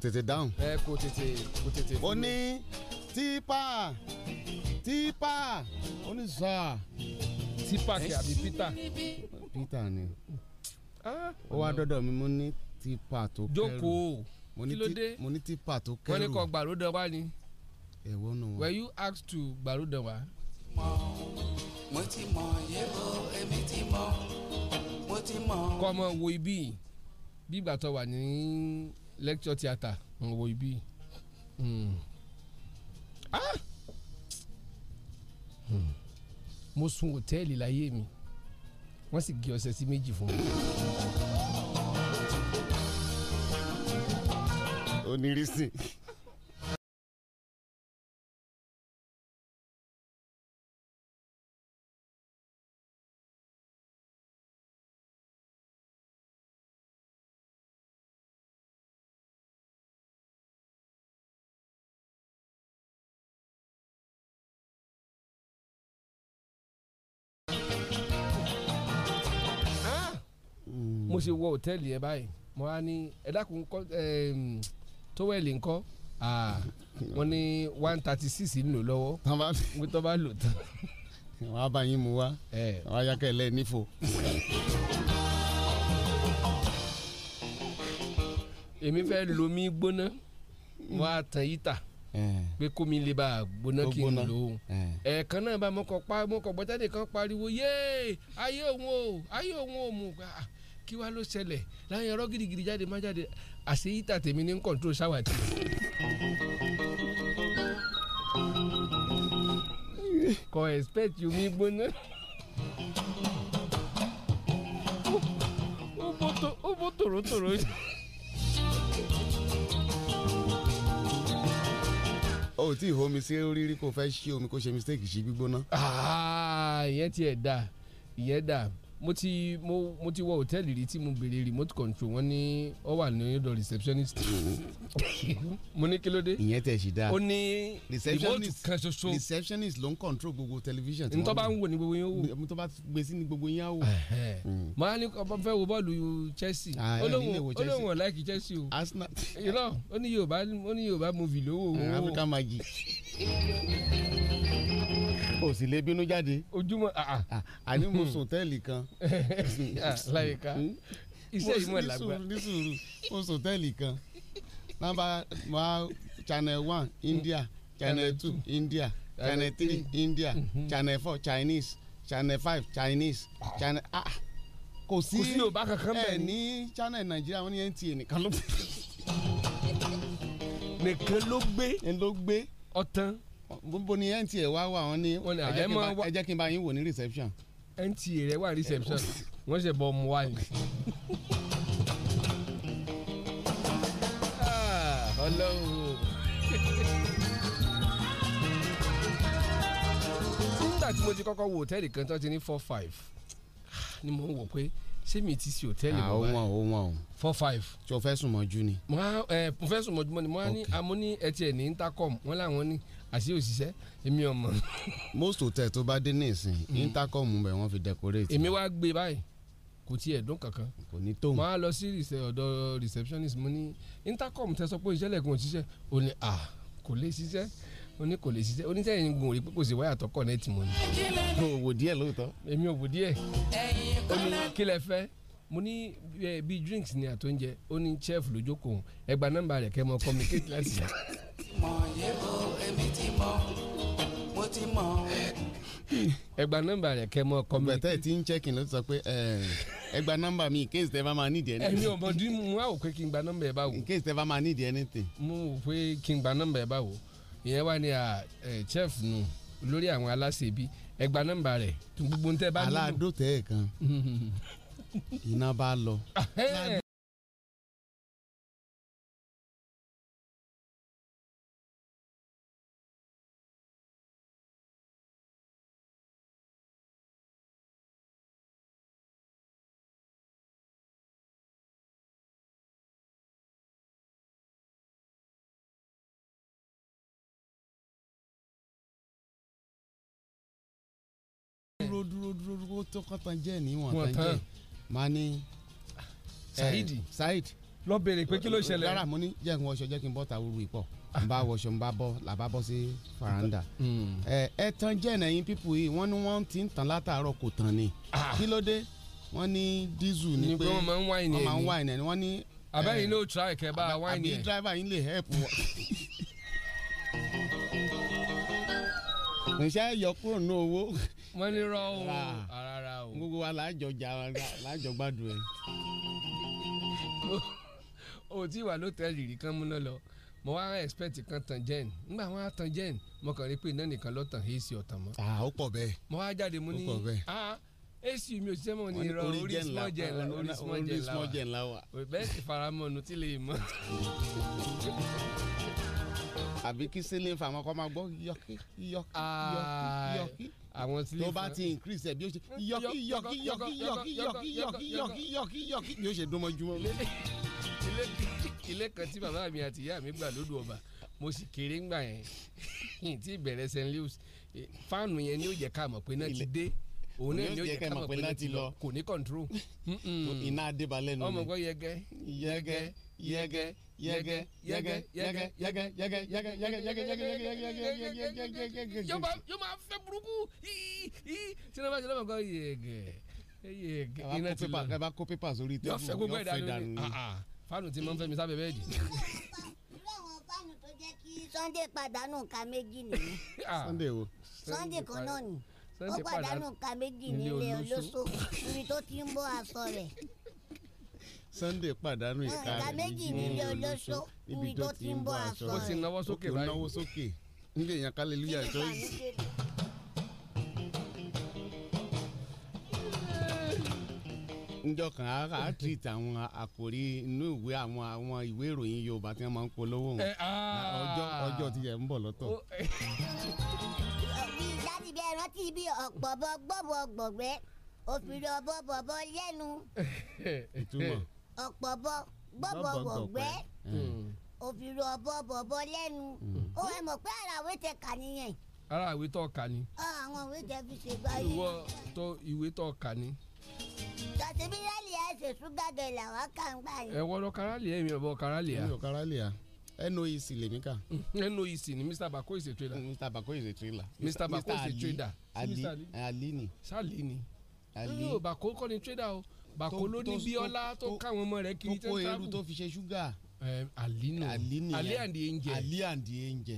tètè dáhùn. ẹ kò tètè kò tètè. ó ní tipa tipa ó ní zaa. tipa kì àbí peter. peter ni ah. ó wá dọ́dọ̀ mi mo ní tipa tó kẹrù. jókòó kí mo ní tipa tó kẹrù. wọ́n ní kọ́ gbàlódé wa ni. ẹ̀wọ́ nù wọn. were you asked to gbàlódé wa. mo ti mọ yẹ́bọ̀ èmi ti mọ mo ti mọ. kọ́ ọmọ wo ibi bí ìgbà tó wà ní lecture theatre ń wo ibi. Hmm. Ah! Hmm. mo sun hòtẹ́ẹ̀lì láyé mi wọ́n sì gé ọ̀sẹ̀ sí méjì fún mi. onírísìn. mo ṣe wọ hòtẹ́ẹ̀lì yẹn báyìí mo wá ní ẹ dákun ńkọ́ wọ́n ní one thirty six ń lò lọ́wọ́ mo tọ́ bá lò tán. wọ́n á bá yín mu wá wọ́n á yákẹ́ lẹ́ nífò. èmi fẹ́ lomi gbóná wọ́n á tan yìí ta pé kómi lè bá gbóná kí n lò ó ẹ̀ẹ̀kan náà bá mọ́kọ̀ pa kan pariwo yéé ayé òun o ayé òun o mú gbà kí wàá ló ṣẹlẹ̀ láyé ọ̀rọ̀ gidigidi jáde má jáde àṣé yíta tèmi ní kọ̀ǹtró ṣáwà tì. kò expect you mi gbóná. ó bó tòrótòró. o ti tí ì homi sí rírí kó fẹ́ ṣí omi kó ṣe mistake sí gbígbóná. Ah, ìyẹn tiẹ̀ dà ìyẹn dà mo ti mo mo ti wọ hòtẹ́ẹ̀lì rí tí mo béèrè remote control wọn ní ọ wà ní ọdọ receptionist mo ní kí ló dé. ìyẹn tẹ̀ sí dáa ó ní remote kan ṣoṣo receptionist ló ń control gbogbo television. n tó bá ń wò ní gbogbo yín ó wò. n tó bá gbé sí ní gbogbo yín á wò. mo hmm. á ní ọba fẹ́ wo bọ́ọ̀lù Chelsea olóhùn ọ̀ láìkí Chelsea o Arsenal irọ́ ó ní Yorùbá ó ní Yorùbá movie lówó. African Magic. o sì lè bínú jáde. ojúmọ́ ah, ah. Ah, àní mo sùn tẹ́ẹ̀lì kan. láyìíká hmm? iṣẹ́ ìmọ̀ làgbà. ní sùúrù mo sùn tẹ́ẹ̀lì kan nàbà wà channel one India channel two India channel three India mm-hmm. channel four Chinese channel five Chinese channel ah kò sí yorùbá kankan bẹ́ẹ̀ ni ní channel Nigeria. wọn ní NTA nìkan ló nìkan ló gbé. nìkan ló gbé. ọ̀tán bó ni nta wá wà wọ́n ní ẹ kí n bá yín wò ní reception. nta rẹ wà reception wọ́n ṣe bọ́ mu wá ni. Ah, ọlọ́run. nígbà tí mo ti kọ́kọ́ wo hòtẹ́ẹ̀lì kan tó ti ní four five ah, ni mo ń wò pé ṣé mi ti ṣe hòtẹ́ẹ̀lì mọ́ ah, báyìí. àwọn ohun àwọn. four five. tí o fẹ́ sùn mọ́jú ni. mo fẹ́ sùn mọ́jú ni mo ní amúní ẹtì ní intercom wọ́n láwọn ní àṣé òṣìṣẹ́ èmi ọmọ. most hotel tó bá dé ní ìsìn mm. intercom bẹ̀ wọ́n fi decorate. èmi wá gbé báyìí kò tiẹ̀ dún kankan kò ní tóun máa lọ sí ọ̀dọ̀ receptionist mo ní intercom tẹ sọ pé ìṣẹ́lẹ̀kùn òṣìṣẹ́ ò ní à kò lè ṣiṣẹ́ oní kò lè ṣiṣẹ́ onítẹ̀yìn gùn rí pé kò sí wáyà tó connect mọ́ ni. mo wò díẹ̀ lóòótọ́. èmi ò wò díẹ̀ ó ní kí lẹ fẹ́ mo ní bíi drinks ni àtúnjẹ ó ní chef lójókòó ẹ gba nọ́mbà rẹ̀ kẹ́ mọ communicate láti. ẹgba nọ́mbà rẹ kẹ mọ kọmi. bẹtẹ ti ń check in ló sọ pé ẹgba nọ́mbà mi in case tẹ bá máa need anything. ẹni ọmọ dín mu wá wò pé kí n gba nọ́mbà ẹ bá wò. in case tẹ bá máa need anything. mo wò pé kí n gba nọ́mbà ẹ bá wò ìyẹn wà ní chef nù lórí àwọn aláṣẹbí ẹgba nọ́mbà rẹ gbogbo ń tẹ bá nínú. aládò tẹ ẹ kan iná bá lọ. dúró dúró dúró dúró tó kọ́tàn jẹ́ ní wọ́n tán jẹ́ máa ní. Saheed Saheed lọ béèrè pé kí ló ṣẹlẹ̀. rárá mo ní jẹ́ kí n wọṣọ jẹ́ kí n bọ́ tàwùrù ìpọ̀ n bá wọṣọ n bá bọ́ làbá bọ́ sí faranda. Hmm. ẹ tán jẹ́ nẹ̀yìn pípù yìí wọ́n ní wọ́n ti ń tàn látàárọ̀ kò tàn ni ah. kí ló dé wọ́n ní dísù ni pé wọ́n máa ń wá ìnẹ̀ ni wọ́n ní. àbẹ́yìn ló tra ẹ̀kẹ́ bá wá ìnẹ̀. àbí dírábà wọ́n ní rọ o rárá o. gbogbo wa láàjọ jà láàjọ gbádùn ẹ. o ti wà lótẹ́ẹ̀lì rí kán múná lọ mo wá rán expect kan tan jen ngbà wọn á tan jen mo kàn rí pé iná nìkan ló tan èsì ọ̀tàn mọ́. ah ó pọ̀ bẹ́ẹ̀. mo wá jáde mo ní ah èsì mi ò ṣiṣẹ́ mọ́ ni ìrọ̀ orí small jen la orí small jen la wa bẹ́ẹ̀ sì faramọ́ nu tí lè mọ́ àbí kí sílé ń fa àwọn ọkọ máa gbọ́ yọkí yọkí yọkí yọkí. Ah, àwọn sílé fún. tó bá ti increase ẹ bí ó ṣe yọkí yọkí yọkí yọkí yọkí yọkí yọkí yọkí yọkí bí ó ṣe dún mọ́júmọ́. ilé kan tí bàbá mi àti ìyá mi gbà lódò ọba mo sì kéré ńgbà yẹn tí ìbẹ̀rẹ̀ st louis fáànù yẹn ni ó jẹ́ ká mọ̀ pé náà ti dé òun náà ni ó jẹ́ ká mọ̀ pé náà ti lọ kò ní control. iná adébálẹ̀ nù. ọmọ gbọ́ yẹgẹ yẹgẹ yẹgẹ yẹgẹ yẹgẹ yẹgẹ yẹgẹ yẹgẹ yẹgẹ yẹgẹ yẹgẹ yẹgẹ yẹgẹ yẹgẹ. yóò máa fẹ́ burúkú sinaba sinaba kọ yẹgẹ yẹgẹ iná ti lọ. ẹ bá kó pépà sórí tẹ́lú yóò fẹ́ gbogbo ẹ̀dá lórí fáànù tí mo ń fẹ́ mi sábẹ́ bẹ́ẹ̀ di. irú àwọn fáànù tó jẹ́ kí Sunday pàdánù nǹkan méjì nìyí. Sunday wo. Sunday kan náà ni ó pàdánù nǹkan méjì nílé olóṣù níbi tó ti ń bọ́ aṣọ rẹ̀. Sunday pàdánù ìka rẹ̀ méjì nílé olóṣó níbi tó ti ń bọ́ aṣọ rẹ̀ ó sì náwó sókè báyìí ó náwó sókè nílé èèyàn kálílúyà choice. njọ kan a a treat àwọn àkòrí inú ìwé àwọn àwọn ìwé ìròyìn Yorùbá tí wọ́n máa ń polówó wọn ọjọ́ ọjọ́ ti yẹ ń bọ̀ lọ́tọ̀ bí ẹran tí ibi ọ̀pọ̀ bọ́ gbọ́bọ̀ gbọ̀gbẹ́ òfìrí ọ̀bọ̀ bọ̀bọ̀ lẹ́nu. ìtumọ̀ ọ̀pọ̀bọ bọ́bọ̀ bọ̀gbẹ́ gbẹ́ ọ̀bọ hmm. bọ̀bọ lẹ́nu hmm. ó ẹ mọ̀ pé ara ìwé tẹ kà nìyẹn. ara ìwé tó kà ni. àwọn ìwé tẹ fi ṣe báyìí. ìwọ tó ìwé tó kà ni. bí kan gbà ẹ noec lèmi kà. Hmm, noec ni mr a trader. mr trader. mr ali ali ni. sali bàkóló ní bíọ́lá tó káwọn ọmọ rẹ̀ kiri tẹ́ tábù. tó kó eru tó fi ṣe ṣúgà. àlínú àlí àǹdí ẹ̀ǹjẹ. àlí àǹdí ẹ̀ǹjẹ.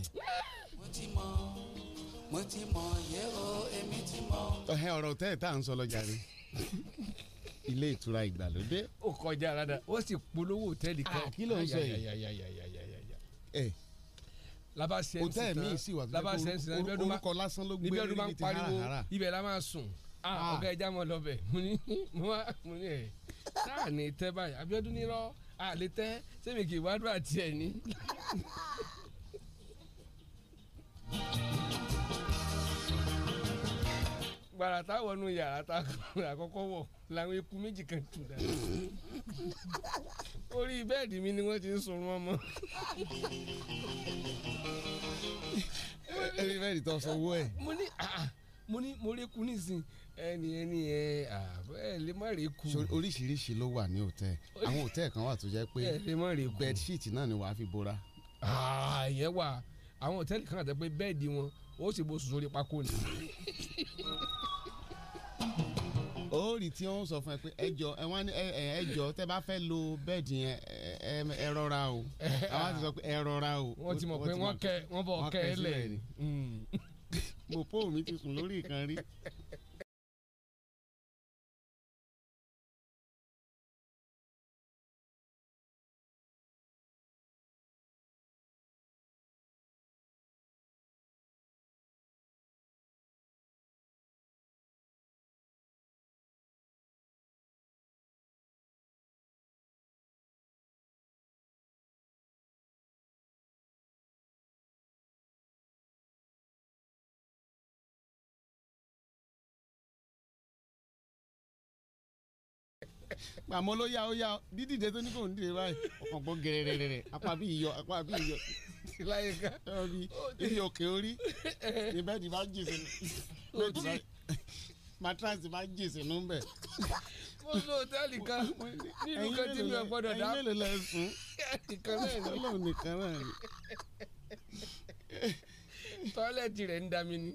mo ti mọ mo ti mọ yẹ́rọ èmi ti mọ. ọ̀hẹ́ ọ̀rọ̀ tẹ́ ẹ̀ tá à ń sọ lọ́jà rí ilé ìtura ìgbàlódé. ó kọjá rárá ó sì polówó hòtẹ́ẹ̀lì kan. Ah, kí ló ń sọ yìí labasẹ́nsì tán labasẹ́nsì tán níbi ọdún máa ń pariwo ibẹ̀ la máa sùn Ah, ah. ọ̀gá ẹja mọ̀ lọ́bẹ̀ mo ní mo ní ẹ̀ eh, sáà ní tẹ́ báyìí Abíọ́dún ní rọ́ àlè tẹ́ sẹ́mi kì í wádùn àti ẹ̀ ní. gbàrà táwọn nu yàrá tá a kọ́kọ́ wọ̀ làwọn eku méjì kan tù dá orí bẹ́ẹ̀dì mi ni wọ́n ti ń sunrun ọmọ. orí bẹ́ẹ̀dì tó sanwó ẹ̀. mo ní ah, mo ní mo rékú nísìn ẹni ẹni ẹ ẹ lè má rékú. oríṣiríṣi ló wà ní hòtẹ́ẹ̀ àwọn hòtẹ́ẹ̀ kan wà tó jẹ́ pé ẹ lè má rékú bedsheet náà ni wàá fi bora. ààyè wà àwọn hòtẹ́ẹ̀lì kan àti pé bẹ́ẹ̀dì wọn ó sì bó sùn sórí pákó ni orí tí wọ́n sọ fún ẹ pé ẹjọ ẹ wọ́n ní ẹjọ tẹ́ bá fẹ́ lo bẹ́ẹ̀dì yẹn ẹ rọra o àwọn ti sọ pé ẹ rọra o. wọ́n ti mọ̀ pé wọ́n kẹ́ wọ́n bọ̀ kẹ́ ẹ lẹ̀ mo pọ́ùn mi ti sùn lórí ìkan rí. pàmò ló yá ó yá dídìde tó ní kò ń dìde báyìí ọ̀pọ̀ gẹ̀rẹ̀rẹ̀rẹ̀ apá bí iyọ̀ apá bí iyọ̀ láyé ká ọbí ibi òkè orí ibẹ̀ ni bá jì sínú matrasi bá jì sínú bẹ̀. mo sọ hòtẹ́ẹ̀lì kan nínú kan tí mi ò gbọ́dọ̀ dá. ẹ̀yin mélòó lẹ sùn nìkan náà tọ́lẹ̀tì rẹ̀ ń da mi ni.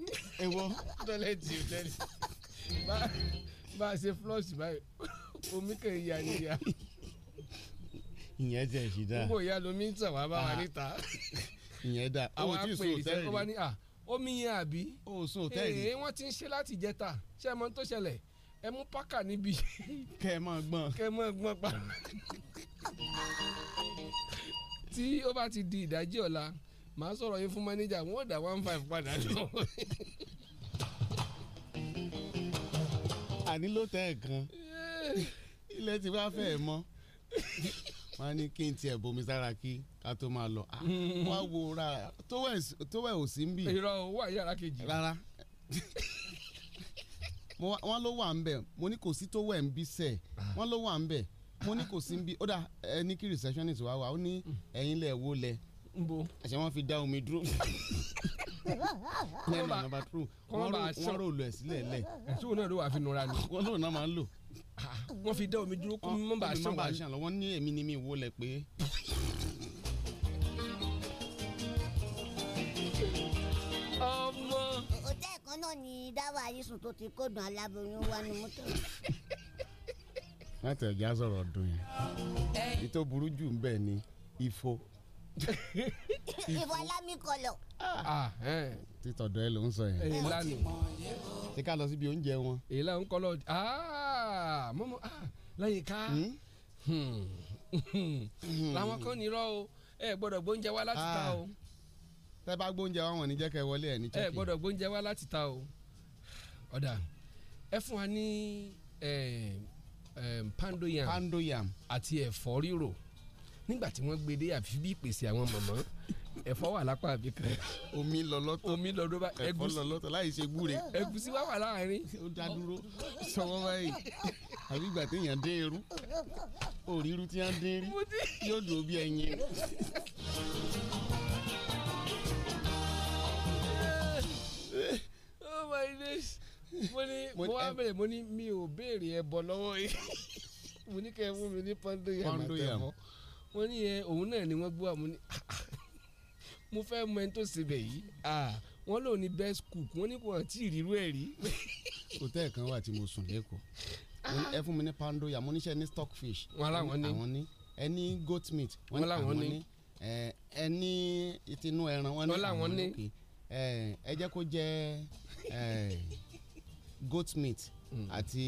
èwo tọ́lẹ̀tì rẹ̀ bá a ṣe flọ́ọ̀sì báyìí omi kan ìyá nìyà. ìyẹn tẹ̀ sí dáa. gbogbo ìyá lomi ń tàn wá wa ah. níta. ìyẹn dáa o ti sùn òtẹ́ẹ̀lì. àwọn omi yẹn àbí. o sùn òtẹ́ẹ̀lì. èè wọ́n ti ń ṣe láti jẹta ṣé ẹ mọ tó ṣẹlẹ̀ ẹ mú pákà níbí. kẹ ẹ mọ gbọn. kẹ ẹ mọ gbọn pa. tí ó bá ti di ìdájí ọ̀la màá sọ̀rọ̀ yín fún mánéjà wọ́n dá one five padà lọ. àní ló tẹ́ ẹ̀ gan. ilẹ̀ ti wá fẹ́ mọ́ wọ́n á ní kí n tiẹ̀ bomi sára kí ká tó máa lọ wọ́n wo ra tówẹ̀ ò sí ń bì. irọ́ owó àyàrá kejì. rárá wọ́n ló wà ń bẹ̀ mo ní kò sí tówẹ̀ ń bí sẹ̀ wọ́n ló wà ń bẹ̀ mo ní kò sí ń bí ó dà ẹ ní kí receptionist wá wá ó ní ẹ̀yin lẹ̀ wó lẹ̀ àṣẹ wọn fi dá omi dúró kọ́ńbà kọ́ńbà aṣọ wọ́n rò lù ẹ̀ sílẹ̀ lẹ̀. ṣé òun náà ló wà á fi nura ni. wọ́n náà máa ń lò wọ́n fi dá omi dúró kó mọ́ bá a ṣàn wá. wọ́n ní èmi ni mi wọlé pé. ọmọ. òtẹ́ ẹ̀kan náà ni dáwà yíṣùn tó ti kó dùn aláboyún wa ní mọ́tò. láti ẹ̀já sọ̀rọ̀ dùn yẹn. tó burú jù ń bẹ ni ifo ìfọ̀ alámìkọlọ. Ah, ah, títọ̀dọ̀ ẹ ló ń sọ yẹn. èyí lánàá tí ká lọ síbi oúnjẹ wọn. èyí lánàá ń kọ́ lọ mọ́mọ́ lẹ́yìn ká làwọn kan nírọ́ o ẹ gbọ́dọ̀ gbóúnjẹ wá láti ta ah. o. tẹ́ bá gbóúnjẹ wá wọn ní jẹ́ kẹ́ wọlé ẹ̀ ní chẹ́kì. ẹ gbọ́dọ̀ gbóúnjẹ wá láti ta o. ọ̀dà ẹ fún wa ní pando yam pando yam àti ẹ̀fọ́ rírò nígbà tí wọ́n gbé dé àfi bí ìpèsè àwọn mọ̀mọ́ ẹ̀fọ́ wà lápá àbí kan omi lọ lọ́tọ̀ omi lọ lọ́ba ẹ̀fọ́ lọ lọ́tọ̀ láì ṣe gbúre ẹ̀gúsí wà wà láàrin ó dá dúró sọwọ́ báyìí àbí ìgbà téèyàn dé eru òríru tí wọ́n dé rí yóò dùn ó bí ẹyin. oh my days mo ní mo wá bẹ̀rẹ̀ mo ní mi ò béèrè ẹbọ lọ́wọ́ yìí mo ní kẹ́ ẹ fún mi ní pọ́ńdó yàmọ̀ tẹ̀mọ́ wọ́n ní ẹ òun náà ni wọ́n bú àmú ní ah, ah, mo fẹ́ mọ ẹni tó ṣe bẹ̀ yìí ah, wọ́n lòun ní best cook wọ́n ní kò tí ì rírú ẹ̀ rí. hòtẹ́ẹ̀lì kan wà tí mo sùn lẹ́kọ̀ọ́ ẹ fún mi ní pando yà mo níṣẹ́ ní stockfish wọ́n làwọn ní ẹ ní goat meat wọ́n làwọn ní ẹ ní ìtinú ẹran wọ́n làwọn ní ẹ jẹ́ kó jẹ́ goat meat hmm. àti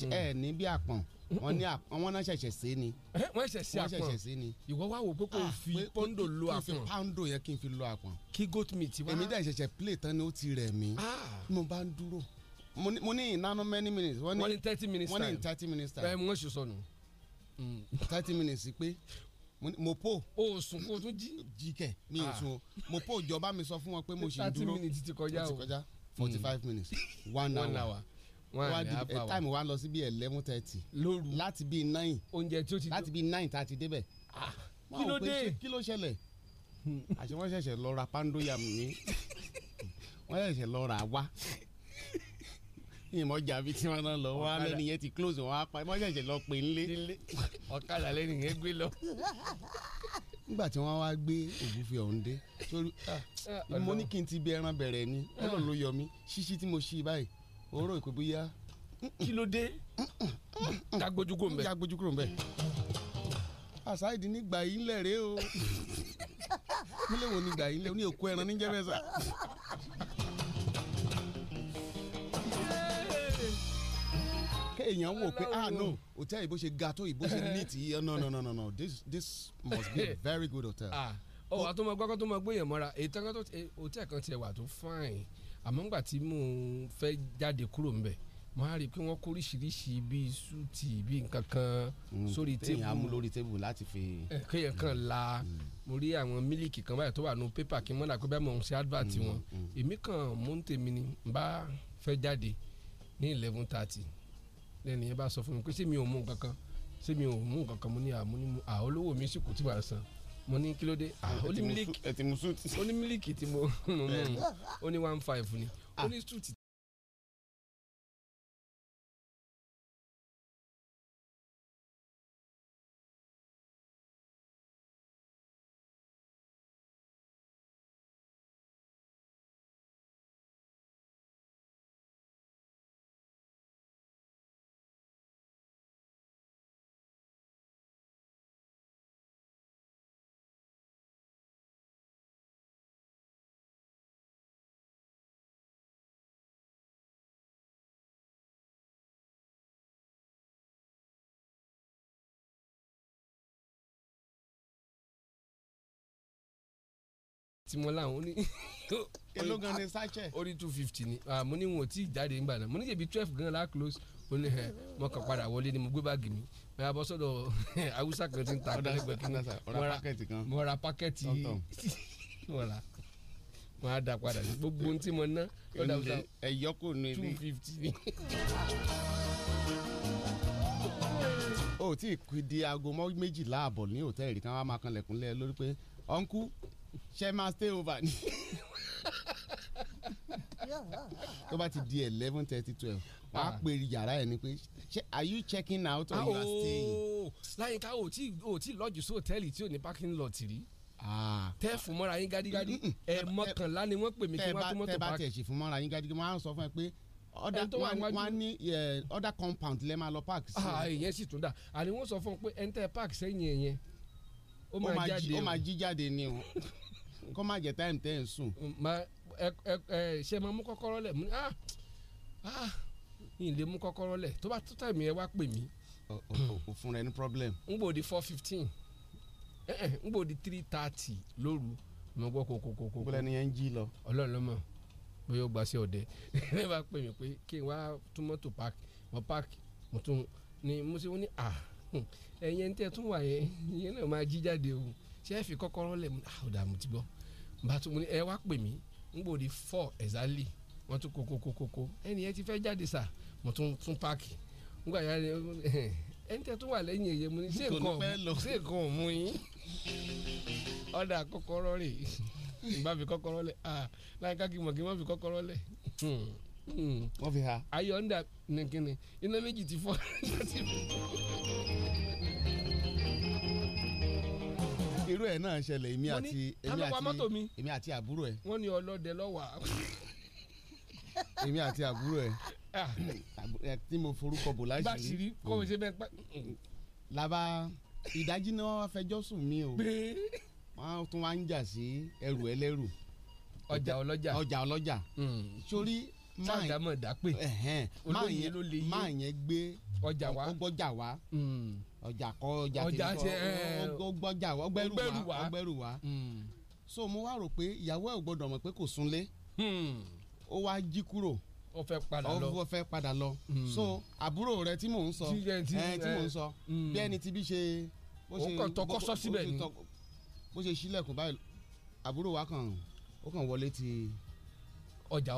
hmm. ẹ ní bí àpọ̀n wọ́n ní wọ́n náà ṣẹ̀ṣẹ̀ sí ni. wọ́n ṣẹ̀ṣẹ̀ sí ni. ìwọ wá wò pé kò ah, fi pọ́ńdò lo àpọ̀n. kí n fi pọ́ńdò yẹn kí n fi lo àpọ̀n. kí goat meat wá. èmi dẹ̀ ṣẹ̀ṣẹ̀ plate tán ni ó ti rẹ̀ mí. Ah. mo bá ń dúró. mo ní ìnáná many minutes. wọ́n ní thirty minutes time. wọ́n ní thirty minutes time. ẹ wọ́n ṣe sọnù. Hmm. thirty minutes pé mo po. o sùn kó tún jí. jí kẹ mi ò ah. sùn o mo po ìjọba mi sọ fún wọn pé mo ṣì ń dúró. thirty minutes ti kọjá o forty five hmm. minutes one hour wọ́n á di eh, táìmù wa lọ sí bíi eleven thirty lóru láti bíi nine oúnjẹ tí ó ti láti bíi nine tá a ti débẹ̀ ah, kí ló dé kí ló ṣẹlẹ̀ hmm, àṣẹ wọ́n ṣẹ̀ṣẹ̀ lọ ra pando yam ni wọ́n ṣẹ̀ṣẹ̀ lọ ra wa ìmọ̀ jàbí tí wọ́n náà lọ wọ́n lẹ́nu yẹn ti close wọ́n á pa ìmọ̀ ṣẹ̀ṣẹ̀ lọ pè ńlé ọ̀kadà lẹ́nu yẹn gbé lọ. nígbà tí wọ́n wá gbé ògúnfe ọ̀hún dé sórí ah, ah, mo ní kí n ti bí ẹran bẹ̀rẹ̀ ni ọlọ́run lo yọ mí ṣíṣí tí mo ṣí báyìí oró ìpè bóyá. kí ló dé jágbójú nbẹ. jágbójú nbẹ. àṣàyìdì ní gbà yín lẹ́rẹ́ o nílé wo ni gbà yín lẹ́rẹ́ o ní òkú ẹran ní jẹ́bẹ̀sà. kéèyàn wò pé ah no hotel ìbò ṣe ga tó ìbò ṣe neat yìí oh, no no no no no this this must be a very good hotel. Ah, oh, ọ àtúmọ̀ gbọ́kọ́ tó mọ̀ gbóyè mọ́ra èyí tọ́kọ́ tó hotel eh, kan tiẹ̀ wà tó fine àmọ́ ngbà tí mò ń fẹ́ jáde kúrò ńbẹ̀ mo á rí i pé wọ́n kóríṣiríṣi bíi súùtì bíi nǹkan kan mm. sórí tébù téèyàn á mú lórí tébù láti fi. kéèyàn kan la mm. mo rí àwọn mílìkì kan báyìí tó wà nù pépà kí n mọ̀ dàgbé bẹ́ẹ̀ mọ̀ ń ṣe advert mm, wọn èmi kan mò ń tèmi ni n bá fẹ́ jáde ní eleven thirty lẹ́nu yẹn bá sọ fún mi pé ṣé mi ò mú nǹkan kan ṣé mi ò mú nǹkan kan mo ní àmúnímú àwọn olówó mi sì kò tí wàá san mo ní kí ló dé ah, ó ní mílíkì tí mo mú ó ní one five ni ah. ó ní suit tí mo ní. èló ni sachet. ó two fifty ni ah, mo ní wọn ò tí ì jáde nígbà náà mo ní jẹ̀bi twelve gan la close ó ní ẹ mo kàn padà wọlé ni mo gbé báàgì mi mo yà bọ́ sọ́dọ̀ haúsá kan ti ń ta akẹ́lẹ́gbẹ̀ẹ́ kan mo ra pákẹ́ẹ̀tì mo ra mo á da padà ní gbogbo ohun tí mo ná lọ́dà haúsá ẹ̀yọ́kò ní ilé two fifty ni. o tí ì di aago méjìlá àbọ̀ ní hòtẹ́ẹ̀lì kan wá máa kanlẹ̀kùn lẹ́ẹ̀ lórí pé ọ̀nkú ṣe máa stay over ni tó bá ti di eleven thirty twelve wàá ah. pè yàrá ẹ ni pé are you checking out or you are ah, staying. Oh, láyìnká o tí o tí lọ́jù sí hòtẹ́ẹ̀lì tí ò ní parking lot rí ah. tẹ́ fún mọ́ra yín gádígádí ẹ̀ mọ́kànlá ni wọ́n pè mí kí wọ́n tó mọ́tò park. tẹ́ bá tẹ̀ ṣì fún mọ́ra yín gádígádí wọ́n á sọ fún ẹ pé ọ̀dà wọn ní ọ̀dà compound lẹ́ẹ̀ máa lọ park sí. ìyẹn sì tún dà àní wọ́n sọ fún ọ pé ẹ̀ ń tẹ́ park sẹ́yìn ẹ̀yẹn ó máa jáde o ó máa jí jáde ni o kó má jẹ táìmù tẹ́ ẹ̀ ń sùn. ṣe máa mú kọ́kọ́rọ́ lẹ̀ mú ní ah, ah, ilé mú kọ́kọ́rọ́ lẹ̀ tó bá tó táìmù yẹn wá pè mí. o fún rẹ ní problem. n bò di four fifteen n bò di three thirty lóru mo gbọ́ kókókókó. gbọ́dọ̀ ni yẹn ń jí lọ. ọlọ́run ló mọ̀ bóyá ó gba sí ọ̀dẹ ẹ bá pè mí pé kí n wá tún mọ́tò park mo park mo tún ni mo ṣe wọ́n ní ah Hmm. ẹ̀yin ẹni tẹ́ tún wà yẹn ìyẹn náà máa jí jáde o ṣé ẹ fi kọ́kọ́rọ́ lẹ̀ ọ̀dà ah, mo ti gbọ́ bá mo ní ẹ wá pè mí n bò di four exactly tún ẹni ti jáde sa mo tún tún páàkì ngbà yà ẹni tẹ́ tún wà mo ní ṣé nǹkan ṣé nǹkan mú yín ọ̀dà kọ́kọ́rọ́ rẹ̀ ìbá fi ah, láyé ká kí Hmm. wọ́n fi ha. ayọ̀ ń dà nìkíni iná méjì ti fọ́. irú ẹ̀ náà ṣẹlẹ̀ èmi àti èmi àti èmi àti àbúrò ẹ̀. wọ́n ní ọlọ́dẹ lọ́wọ́ èmi àti àbúrò ẹ̀ ah. tí mo forúkọ bò láṣìírí. báṣìírí kọ́ mi ṣe bẹ́ẹ̀ pa. laba ìdájí ni wọ́n fẹjọ́ sùn mí o wọ́n tún wá ń jà sí ẹrù ẹlẹ́rù. ọjà ọlọ́jà ọjà ọlọ́jà. Hmm. sórí sàdámọ̀ dápè olóyè ló lè yé máa yẹn gbé ọjà wa ọgbọ́jà wa hmm. ọjà kọ ọjà tèmi kọ ọgbọ́jà wa ọgbẹ́rù wa ọgbẹ́rù wa hmm. so mo wá rò pé ìyàwó ẹ̀ gbọ́dọ̀ mọ̀ pé kò súnlé hmm. ó wá jí kúrò ó fẹ́ padà lọ ó fẹ́ padà lọ so àbúrò rẹ tí mò ń sọ tí mò ń sọ bí ẹni tí bí ṣe ó kàn tọkọ sọ síbẹ̀ ni bó ṣe sílẹ̀kùn báyìí àbúrò wa kàn ó kàn wọlé ti ọjà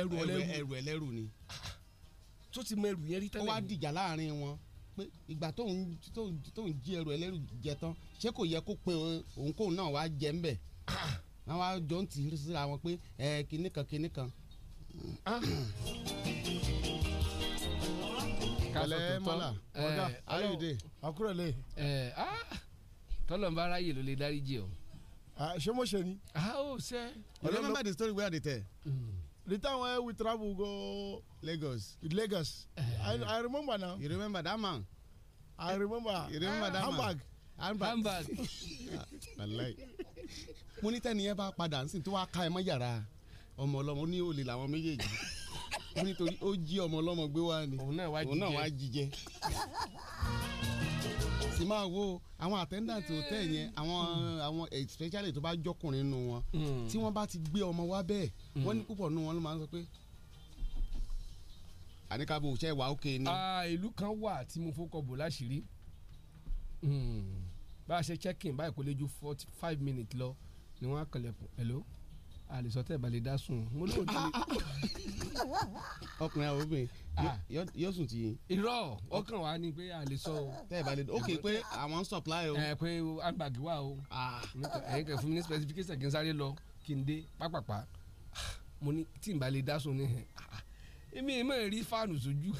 ẹrù ẹlẹ́rù ẹrù ni. tó ti mọ ẹrù yẹn rí tẹ́lẹ̀ ni. ó wá dìjà láàrin wọn pé ìgbà tóun jí ẹrù ẹlẹ́rù jẹ tán ṣé kò yẹ kó pe òun kóun náà wá jẹ ńbẹ̀ wọn wá jọ ń tì í síra wọn pé ẹ kìnnìkan kìnnìkan ah. kalẹ mọla eh, ọgá ayọdẹ eh, akurẹlẹ. Ah. tọ́lọ̀nba aráyè ló lè dáríjì o. Ah, ṣé mo ṣe ni. a ó ṣe. you remember the story wey i dey tell. Mm the time when we travel go lagos lagos eh, eh, i eh. i remember now you remember that man i remember you remember that handbag. man handbag handbag ah, mo ní tẹ́ni yẹn bá padà sí tó wá ká ẹ mọ́ yàrá ọmọ ọlọ́mọ ó ní olè làwọn méjèèjì ó nítorí ó jí ọmọ ọlọ́mọ gbé wá ni òun náà wá jíjẹ sì máa wo àwọn attendant hotel yẹn àwọn hmm. àwọn eh, especially tó bá jọkùnrin nù wọn hmm. tí wọ́n bá ti gbé ọmọ wa bẹ́ẹ̀ hmm. wọ́n ní púpọ̀ nù wọn ló máa ń sọ pé àníkàbò òṣè wà ókè ni. Ah, ìlú kan wà tí mo fọkọ bò láṣìírí bá a ṣe check-in báyìí kò lè ju forty five minutes lọ ni wọ́n á kọlẹ̀kùn hello àlè sọ́tẹ̀ balẹ̀ dá sùn mo lóun ti. ọkùnrin àwọn obìnrin Ah. yóò sùn ti. irọ́ ọkàn wa ni pé a lè sọ o. tẹ́ ẹ bá lè ok pé àwọn ah. supply o. ẹ pé handbag wà o. Ah. ẹ̀yin kẹ fún mi ní specification kí n sáré lọ kí n dé pápápá mo ní tí n bá lè dá sùn ní hàn èmi ì máa rí fáànù sójú.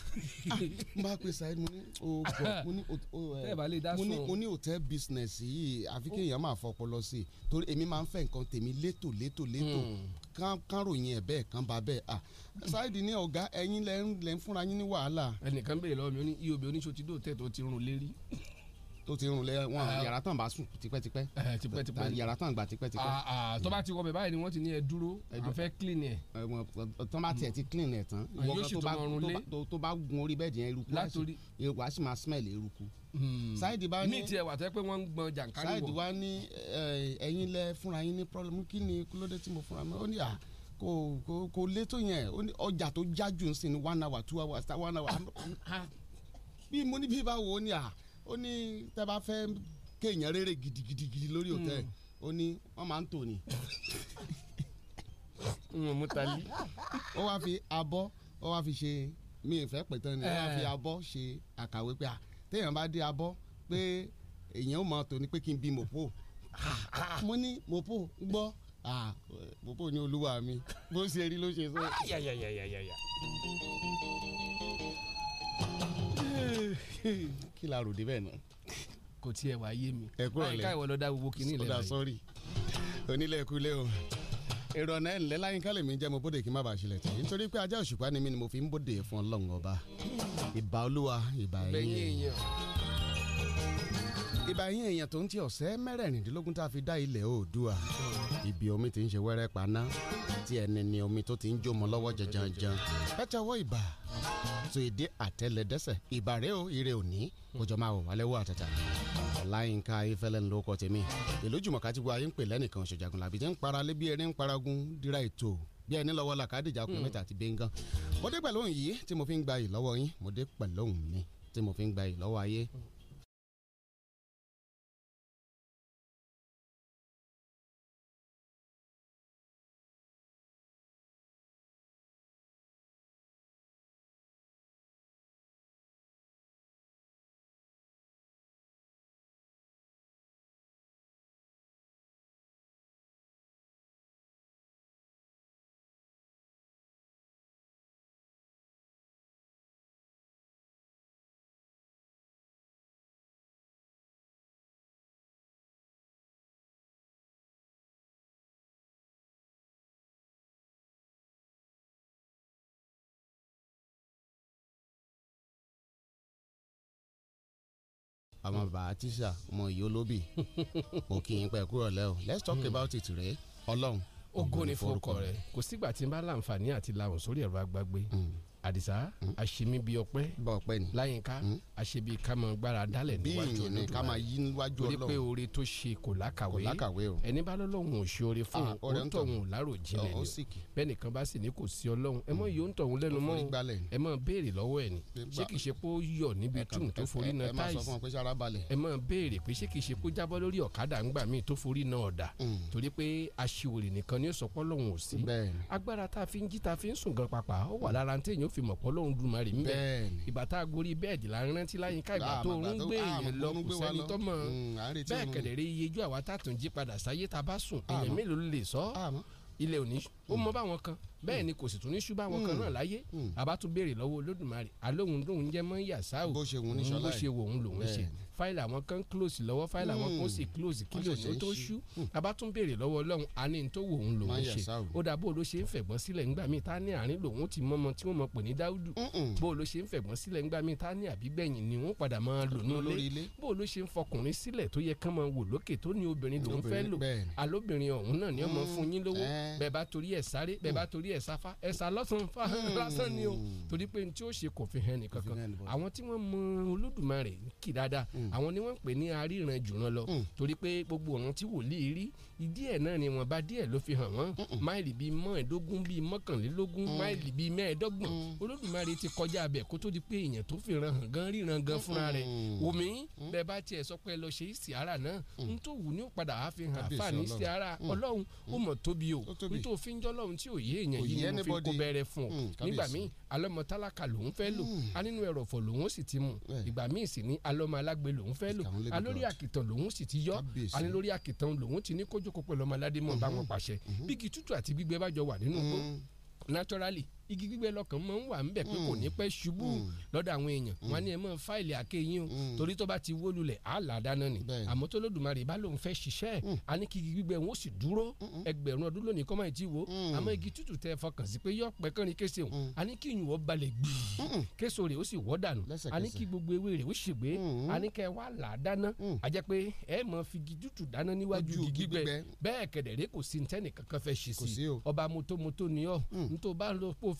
n bá pe saheed mo ní o bọ mo ní o eh, ẹ mo ní mo ní hotel business yìí àfi kéèyàn máa fọpọlọ sí i torí èmi máa ń fẹ́ nǹkan tèmi létò létò létò kán ròyìn ẹ̀ bẹ́ẹ̀ kán bá bẹ́ẹ̀ à ṣáìdì ní ọ̀gá ẹ̀yin lẹ́ ń fúnra yín ní wàhálà. ẹnìkan bèrè lọ́wọ́ mi ó ní iye obì oníṣó ti dóòtẹ́ tó ti rún lérí. tó ti rún lé wọn ah. yàrá tán bá sùn tipẹ́tipẹ́ eh, tipẹ́tipẹ́ yàrá tán gbà tipẹ́tipẹ́. Ah, ah, tó bá ti wọ bẹ̀ báyìí ni wọ́n ti ní ẹ dúró a fẹ́ clean ẹ̀. Eh, tán bá tiẹ̀ ti clean ẹ̀ tán. yóò sì tó lé. tó bá gun orí bẹ́ẹ̀dì yẹn Hmm. Saheed bá ní mi tiẹ̀ wà tẹ́ pé wọ́n ń gbọ́n jàǹkárí wọ̀ Saheed wá ní eh, ẹ̀yin lẹ fúnra yín ní problem kí ni kílódé tí mo fúnra mi ó ní à ah, kò kò kò létò yẹn ọjà tó já jù ń sìn ní one hour two hours one hour ah. Ah. bí mo ní bí bá wò ó ní à ó ní tẹ́ bá fẹ́ kéèyàn rere gidigidigidi lórí hmm. òtẹ́ ó ní wọ́n máa ń tò ní. ó wá fi abọ́ ó wá fi ṣe mi ìfẹ́ pẹ̀tàn ni ó wá fi eh. abọ́ ṣe àkàwé pé à téèyàn bá dé abọ́ pé èèyàn ó mọ tòní pé kí n bí mòpó mo ní mòpó gbọ́ mòpó ní olúwa mi bó ṣe rí ló ṣe sọ. kí la rò débẹ̀ náà. kò tiẹ̀ wá yé mi. ẹ̀kúrọ̀lẹ̀ báyìí káyọ̀ lọ dá gbogbo kínní lẹ́nu. sọ́dà sọ́rí onílẹ̀kùlẹ̀ o ìrọ̀nà ẹ̀ńlẹ́ láyínká lèmi jẹ́ mo bóde kí n má bàa ṣílẹ̀ tì nítorí pé ajá òṣùpá ni mí ni mo fi ń bóde fún ọlọ́run ọba ìbà olúwa ìbà ẹ̀yìn ìbáyín èèyàn tó ń ti ọ̀sẹ̀ mẹ́rẹ̀ẹ̀rìndínlógún tá a fi dá ilẹ̀ oòdùà ibi omi ti ń ṣe wẹ́rẹ́ paná tí ẹni ni omi tó ti ń jó mọ́ lọ́wọ́ jẹjẹrẹ ẹ tẹwọ́ ìbà tó èdè àtẹlẹdẹsẹ̀ ìbàrẹ́ o ire òní kójọ máa wò wálé wọ àtàtà ọláyínká ifẹ̀lẹ̀ ńlọ ọkọ̀ tèmi ìlú jùmọ̀ká ti gbọ́ ayé ń pè lẹ́nìkan ṣèjàgùn làbí tí ń paralé bí erin paragun dira ètò bí ẹni lọ́wọ́ la kàdìjà ọkùnrin mẹ́ta àti bẹ́ńgán mo dé pẹ̀lú òun yìí tí mo fi ń gba ìlọ́wọ́ yín mo dé pẹ̀lú òun mi tí mo fi ń gba ìlọ́wọ́ ayé àmọ́ bàbá tíṣà ọmọ ìyó lóbì mo kì í pẹ́ kúrò lẹ́ o let's talk hmm. about it rẹ ọlọ́run ògo ni forúkọ rẹ kò sígbà tí n bá láǹfààní àti lahùn sórí ẹ̀rọ agbágbé hmm àdìsá àṣemí hmm. bíi ọpẹ bọpẹ ni láyínká àṣebí hmm. ká máa gbára dálẹ̀ níwájú ọlọ́run bíi ká máa yí níwájú ọlọ́run orí pé oore tó ṣe kò lákàwé kò lákàwé o ẹni bá lọ́lọ́run ò ṣe oore fún ah, o ń tọ̀hún ò lárò ni bẹ́ẹ̀ nìkan bá sì ní kò sí ọlọ́run ẹ mọ iye hmm. ń tọ̀hún lẹ́nu mọ́ ẹ mọ béèrè lọ́wọ́ ẹ̀ ni ṣé kìí ṣe pé ó yọ níbi túùn tó forí na táìsì ẹ mọ béèrè pé ṣé kìí ṣe pé ó jábọ́ lórí ọ̀kadà ńgbà míì tó forí na ọ̀dà torí pé aṣiwèrè nìkan ni ó sọ pé ọlọ́run ò sí agbára tá a fi ń jí ta fi ń sùn gan pàpà ó wà lára ní téèyàn fi mọ̀ pọ́ lóhun dùnmọ́ rè ńbẹ ìgbà tá a gorí bẹ́ẹ̀dì la rántí láyínká ìgbà tó ń gbé èèyàn lọ kò sẹ́ni tó mọ̀ mm, bẹ́ẹ̀ kẹ̀lẹ́rẹ́ iyejú àwa tá a tún jí padà sáyé tá a bá sùn èèyàn mélòó lè sọ ilẹ̀ òní ó mọ mm. báwọn kan bẹ́ẹ̀ ni kò sì tún ní ṣùgbọ́n àwọn kan hmm. náà láyé àbá hmm. tún béèrè lọ́wọ́ olódùmarè alóhùn lóhùn jẹ́ mọ́ yàtsá o bó ṣe wù ní sọlá bó ṣe wù òun lòun ṣe fáìlì àwọn kan close lọ́wọ́ fáìlì àwọn kan sì close kí lè tó tó ṣú àbá hmm. tún béèrè lọ́wọ́ ọlọ́run àní tó wù òun lòun ṣe ó dà bó ló ṣe ń fẹ̀gbọ́n sílẹ̀ ńgbà míì tá ní àárín lòun ti mọ́mọ tí wọ́n mọ̀ pè ní dáúdù bó ló ṣe ń fẹ̀gbọ́n sílẹ̀ ńgbà míì tá ní àbígbẹ̀yìn ni wọ́n padà máa lò ní ilé bó ló ṣe ń fọkùnrin sílẹ̀ tó yẹ kán máa wò lókè tó ní obìnrin lòun fẹ́ lò alóbìnrin ọ̀hún náà ni bí ẹ̀sà fa ẹ̀sà lọ́sàn fa hmm. lásán ni o torí pé ní tí ó ṣe kò fi hàn nìkan kan àwọn tí wọ́n mọ Olódùmarè kì dáadáa hmm. àwọn ni wọ́n ń pè ní aríran jùrán lọ hmm. torí pé gbogbo ọ̀run tí wòlíì rí díẹ̀ náà ni wọ́n bá díẹ̀ ló fi hàn wọ́n máìlì bíi mọ́ẹ̀ẹ́dógún bíi mọ́kànlélógún mm. máìlì bíi mẹ́ẹ̀ẹ́dọ́gbọ̀n mm. olódùmarè ti kọjá abẹ kó tó di pé èèyàn tó fi ràn hàn gan ríran gan fúnra rẹ̀ omi mm. bẹ́ẹ̀ bá tiẹ̀ sọ pé lọ ṣe ìsìára náà n tó wù ní òpadà àfihàn àfààní ìsìára ọlọ́run ó mọ̀ tóbi o n tó fi ń jọ́ lọ́run tí òye èèyàn yìí ni mo fi kó bẹ̀rẹ̀ fún ọ nígbà míì alọ́mọ tálákà lòún fẹ́ lò hmm. anínú ẹ̀rọ̀fọ̀ lòún sì ti mu eh. ìgbà míì sì ní alọ́mọ alágbe lòún fẹ́ lò alórí àkìtàn lòún sì ti yọ anilórí àkìtàn lòún ti ní kójókòó pẹ̀lú ọmọ aládé mọ̀ bá mhm. wọn pàṣẹ mhm. bí kìtútù àti gbígbẹ bá jọ wà nínú igbó hmm. naturally igi gbígbẹ lọkàn máa ń wà ńbẹ̀ pé kò mm. ní pẹ́ ṣubú mm. lọ́dọ̀ àwọn èèyàn wọn ni ẹ mọ̀ fáìlì àkẹ́yìn o mm. torí tó bá ti wó lulẹ̀ á là á dáná ni àmọ́ tó lódùmarè bá lóun fẹ́ ṣiṣẹ́ a ní kí igi gbígbẹ wọn ó sì dúró ẹgbẹ̀rún ọdún lónìí kọ́ máa ti wo àmọ́ igi tútù tẹ fọkàn sí pé yọ pẹ́ kánrin kése òun a ní kí ìyún ọ balẹ̀ gbìyì késo rẹ̀ ó sì wọ́ dànù a ní kí gbogbo ewé rẹ̀ ó ṣègbè mm-hmm. a ní kẹ́ wà là dáná a jẹ́ pé ẹ mọ̀ fi igi tútù dáná níwájú igi gbígbẹ bẹ́ẹ̀ kẹ̀dẹ̀rẹ́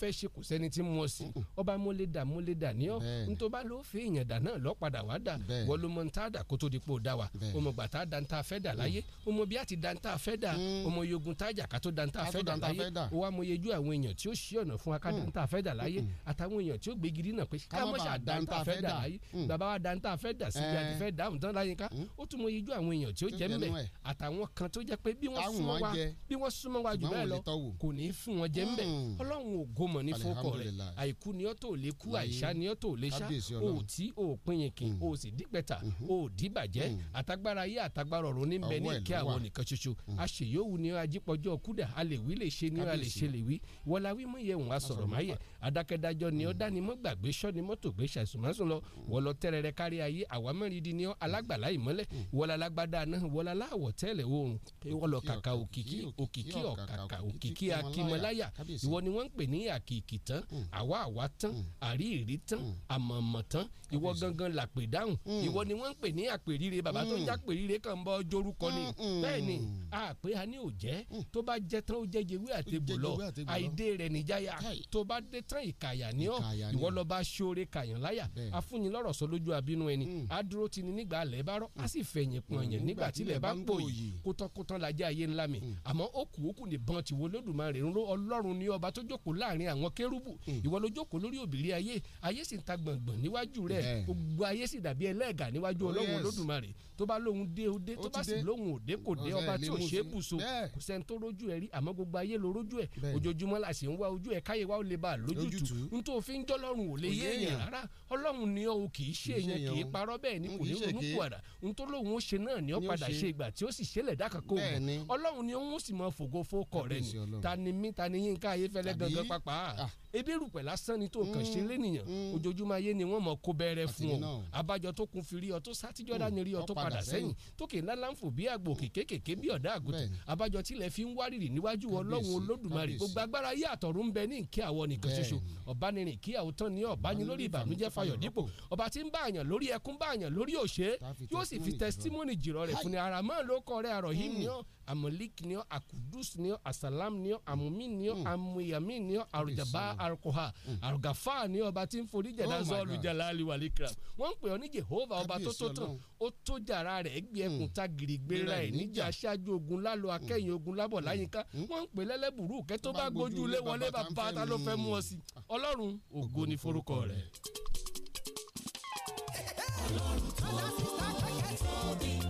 fẹ́ ṣe kò sẹ́ni tí mo sì ọba múlẹ̀dà múlẹ̀dà ní ọ́ nítorí bá ló fi èèyàn dà náà lọ́padà wá dà wọ́n ló mọ níta dà kó tó di pò dá wa ọmọ gbàtà dantá fẹ́ dà láyé ọmọ mm. bí a ti dantá fẹ́ dà ọmọ mm. yogun tájà ká tó dantá fẹ́ dà láyé òwa mo yejú àwọn èèyàn tí ó ṣí ọ̀nà fún wa ká dantá mm. fẹ́ dà láyé àtàwọn èèyàn tí ó gbégiri náà pé ká mọ̀ fẹ́ dà láyé mọ̀ ní fọ́kọ̀ rẹ̀ àìkú ni ọ́ tó lè kú àìsá ni ọ́ tó lè sá o tí o pinyinkin o sì dípẹ́ta o mm-hmm. dìbàjẹ́ mm. àtagbára ayé àtagbára ọ̀run ní bẹ ní ìkẹ́ àwọn nìkan ṣoṣo mm. aṣèyówù ni ajípọ̀jọ́ kúdà a lè wí lè ṣe ni a lè ṣe lè wí wọlá wí mọ̀ yẹ wọn a sọ̀rọ̀ má yẹ adákẹ́dájọ́ ni ọ́ mm. dání mọ́ gbàgbé sọ́ni mọ́tò gbé ṣàìsùnmọ́sùn lọ wọlọ tẹ́rẹrẹ kárí ayé àwa àkìkì tán mm. àwa àwa tán mm. àrí ìrí tán mm. àmọ̀mọ̀ tán ìwọ gangan làpè dáhùn ìwọ ni wọ́n ń pè ní àpèrire bàbá tó ń já pèrire kàn ń bọ́ jorúkọ ni bẹ́ẹ̀ ni àpè a ní òjẹ́ tó bá jẹ tán ó jẹ́ jewé àtebò lọ àìdè rẹ̀ níjàyà tó bá dé tán ìkàyà ní ọ ìwọ lọ bá ṣoore kàyàn láyà afúnilọ́rọ̀ sọ lójú abínú ẹni á dúró ti ni nígbà alẹ́ bá rọ́ á sì fẹ̀yìn pọ̀n yẹn nígbà tílẹ̀ bá pò yìí kótọ́kótọ́ lajẹ́ ayé ńlá mi àmọ́ ó kù ó kù ní bọ́n ti wo lódùmarè àwọn kérúbù hmm. ìwọ ló jókòó lórí òbílẹ̀ ayé ayé sì ń ta gbọ̀ngbọ̀n níwájú rẹ̀ gbogbo ayé sì dàbí ẹlẹ́gà níwájú oh, ọlọ́run olódùmarè tó bá lóhun dé ó dé tó bá sì lóhun ò dé kò dé ọba tí ò ṣe é bùṣọ kò sẹ́ni tó rójú ẹ rí àmọ́ gbogbo ayé ló rójú ẹ ojoojúmọ́ la sì ń wá ojú ẹ káyé wa ó lè bá a lójútu n tó fi ò lè yé èèyàn rárá ọlọ́run ni ó kì í ṣe èèyàn kì í parọ́ pàápàá ah. ebi rúpẹ̀ lásán ni tó nǹkan ṣe mm. lẹ́nìyàn mm. ojoojúmọ́ ayé ni wọ́n mọ̀ kó bẹ̀rẹ̀ fún ọ abájọ tó kun fi mm. rí ọ tó sátijọ́dá ni rí ọ tó padà sẹ́yìn tó kè ńlá láǹfò bí àgbò kékèké bí ọ̀dà àgùntàn abájọ tilẹ̀ fi ń wárìrì níwájú ọlọ́run olódùmarè gbogbo agbára yé àtọ̀run ń bẹ ní ìkẹ́ àwọn nìkan ṣoṣo ọ̀bánirin kí àwòtán ní ọ̀báni lórí ìbànújẹ́ fayọ̀ dípò ọba tí ń bá amalik ni ọ akudus ni ọ asalam ni ọ amumi ni ọ mm. amuyami ni ọ arujaba arukoha arugafa ni ọba tí ń forí jẹ̀dá sọ oh olùjàlá aliwali kram wọ́n ń pè ọ ní jehova ọba tó tó tán ó tó jàrá rẹ̀ gbé mm. ẹkùn ta gìrìgbéra ẹ̀ níjà aṣáájú ogun lálo mm. akẹ́yìn ogun lábọ̀ láyínká wọ́n ń pè lẹ́lẹ́bùrú kẹ́ bá gbójú lé wọlé bàbá ta ló fẹ́ mú ọ sí ọlọ́run ògo ni forúkọ rẹ̀. ọlọ́run tó lásìkò kẹ́kẹ́ tóbi.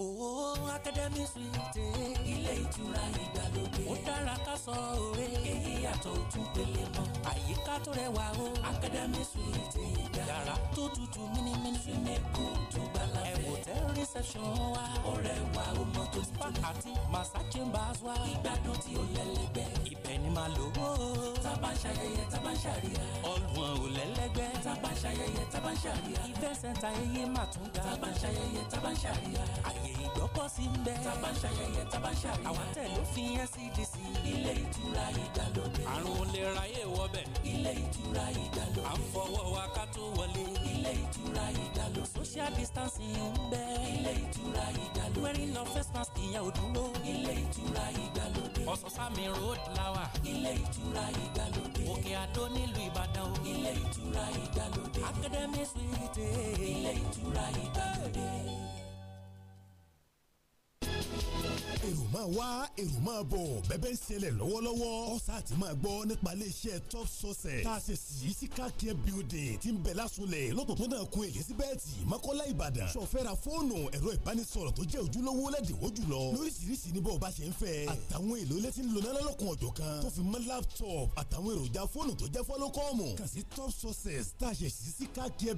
Oo Akademi Suite. Ilé ìtura ìgbàlódé. Ó dára ká sọ òwe. Èyí yàtọ̀ òtún pélé mọ́. Àyíká tó rẹwà o. Akademi Suite ìgbà. Yàrá tó tutù mímímí. Súnmẹ́kù tó gbàlá fẹ́. Ẹ̀wòtẹ́ reception wa. Ọ̀rẹ́ wa ó mọ tó ti tó. Àti Massa Chambers wa. Ìgbádùn tí ó lẹ́lẹ́gbẹ́. Ibẹ̀ ni màá lò ó. Tábà ń ò lẹ́lẹ́gbẹ́. Tábà ń ṣayẹyẹ, ààyè ìgbọ́kọ̀sí ń bẹ. tá a bá ń ṣayẹyẹ tá a bá ń ṣàríyá. àwọn tẹ̀ ló fi NCDC. E ilé ìtura ìdàlódé. àrùn olè ráyè wọbẹ̀. ilé ìtura ìdàlódé. à ń fọwọ́ wa ká tó wọlé. ilé ìtura ìdàlódé. social distancing ń bẹ. ilé ìtura ìdàlódé. wearing no face mask ìyẹn dúró. ilé ìtura ìdàlódé. ọ̀sán-sámi road lawa. ilé ìtura ìdàlódé. òkè àdó nílùú ìbàdàn o. ilé ìtura ìdàlódé. academy suite. ilé ìtura ìdàlódé èrò máa wá èrò máa bọ̀ bẹ́bẹ́ ń ṣẹlẹ̀ lọ́wọ́lọ́wọ́ ọ̀sà àti máa gbọ́ nípa iléeṣẹ́ top sources. tá a ṣe sí sika building ti ń bẹ̀ lásunlẹ̀ lọ́pọ̀pọ̀nà kun elizabeth makola ìbàdàn sọ̀fẹ́ra fóònù ẹ̀rọ ìbánisọ̀rọ̀ tó jẹ́ ojúlówó lẹ́dínwó jùlọ lóríṣiríṣi ní bọ́ọ̀ bá ṣe ń fẹ́ àtàwọn èlò ilé tí ń lona lọ́lọ́kun ọ̀jọ̀ kan tó fi mọ́ laptop àtàwọn èròjà top success tá a ṣe sí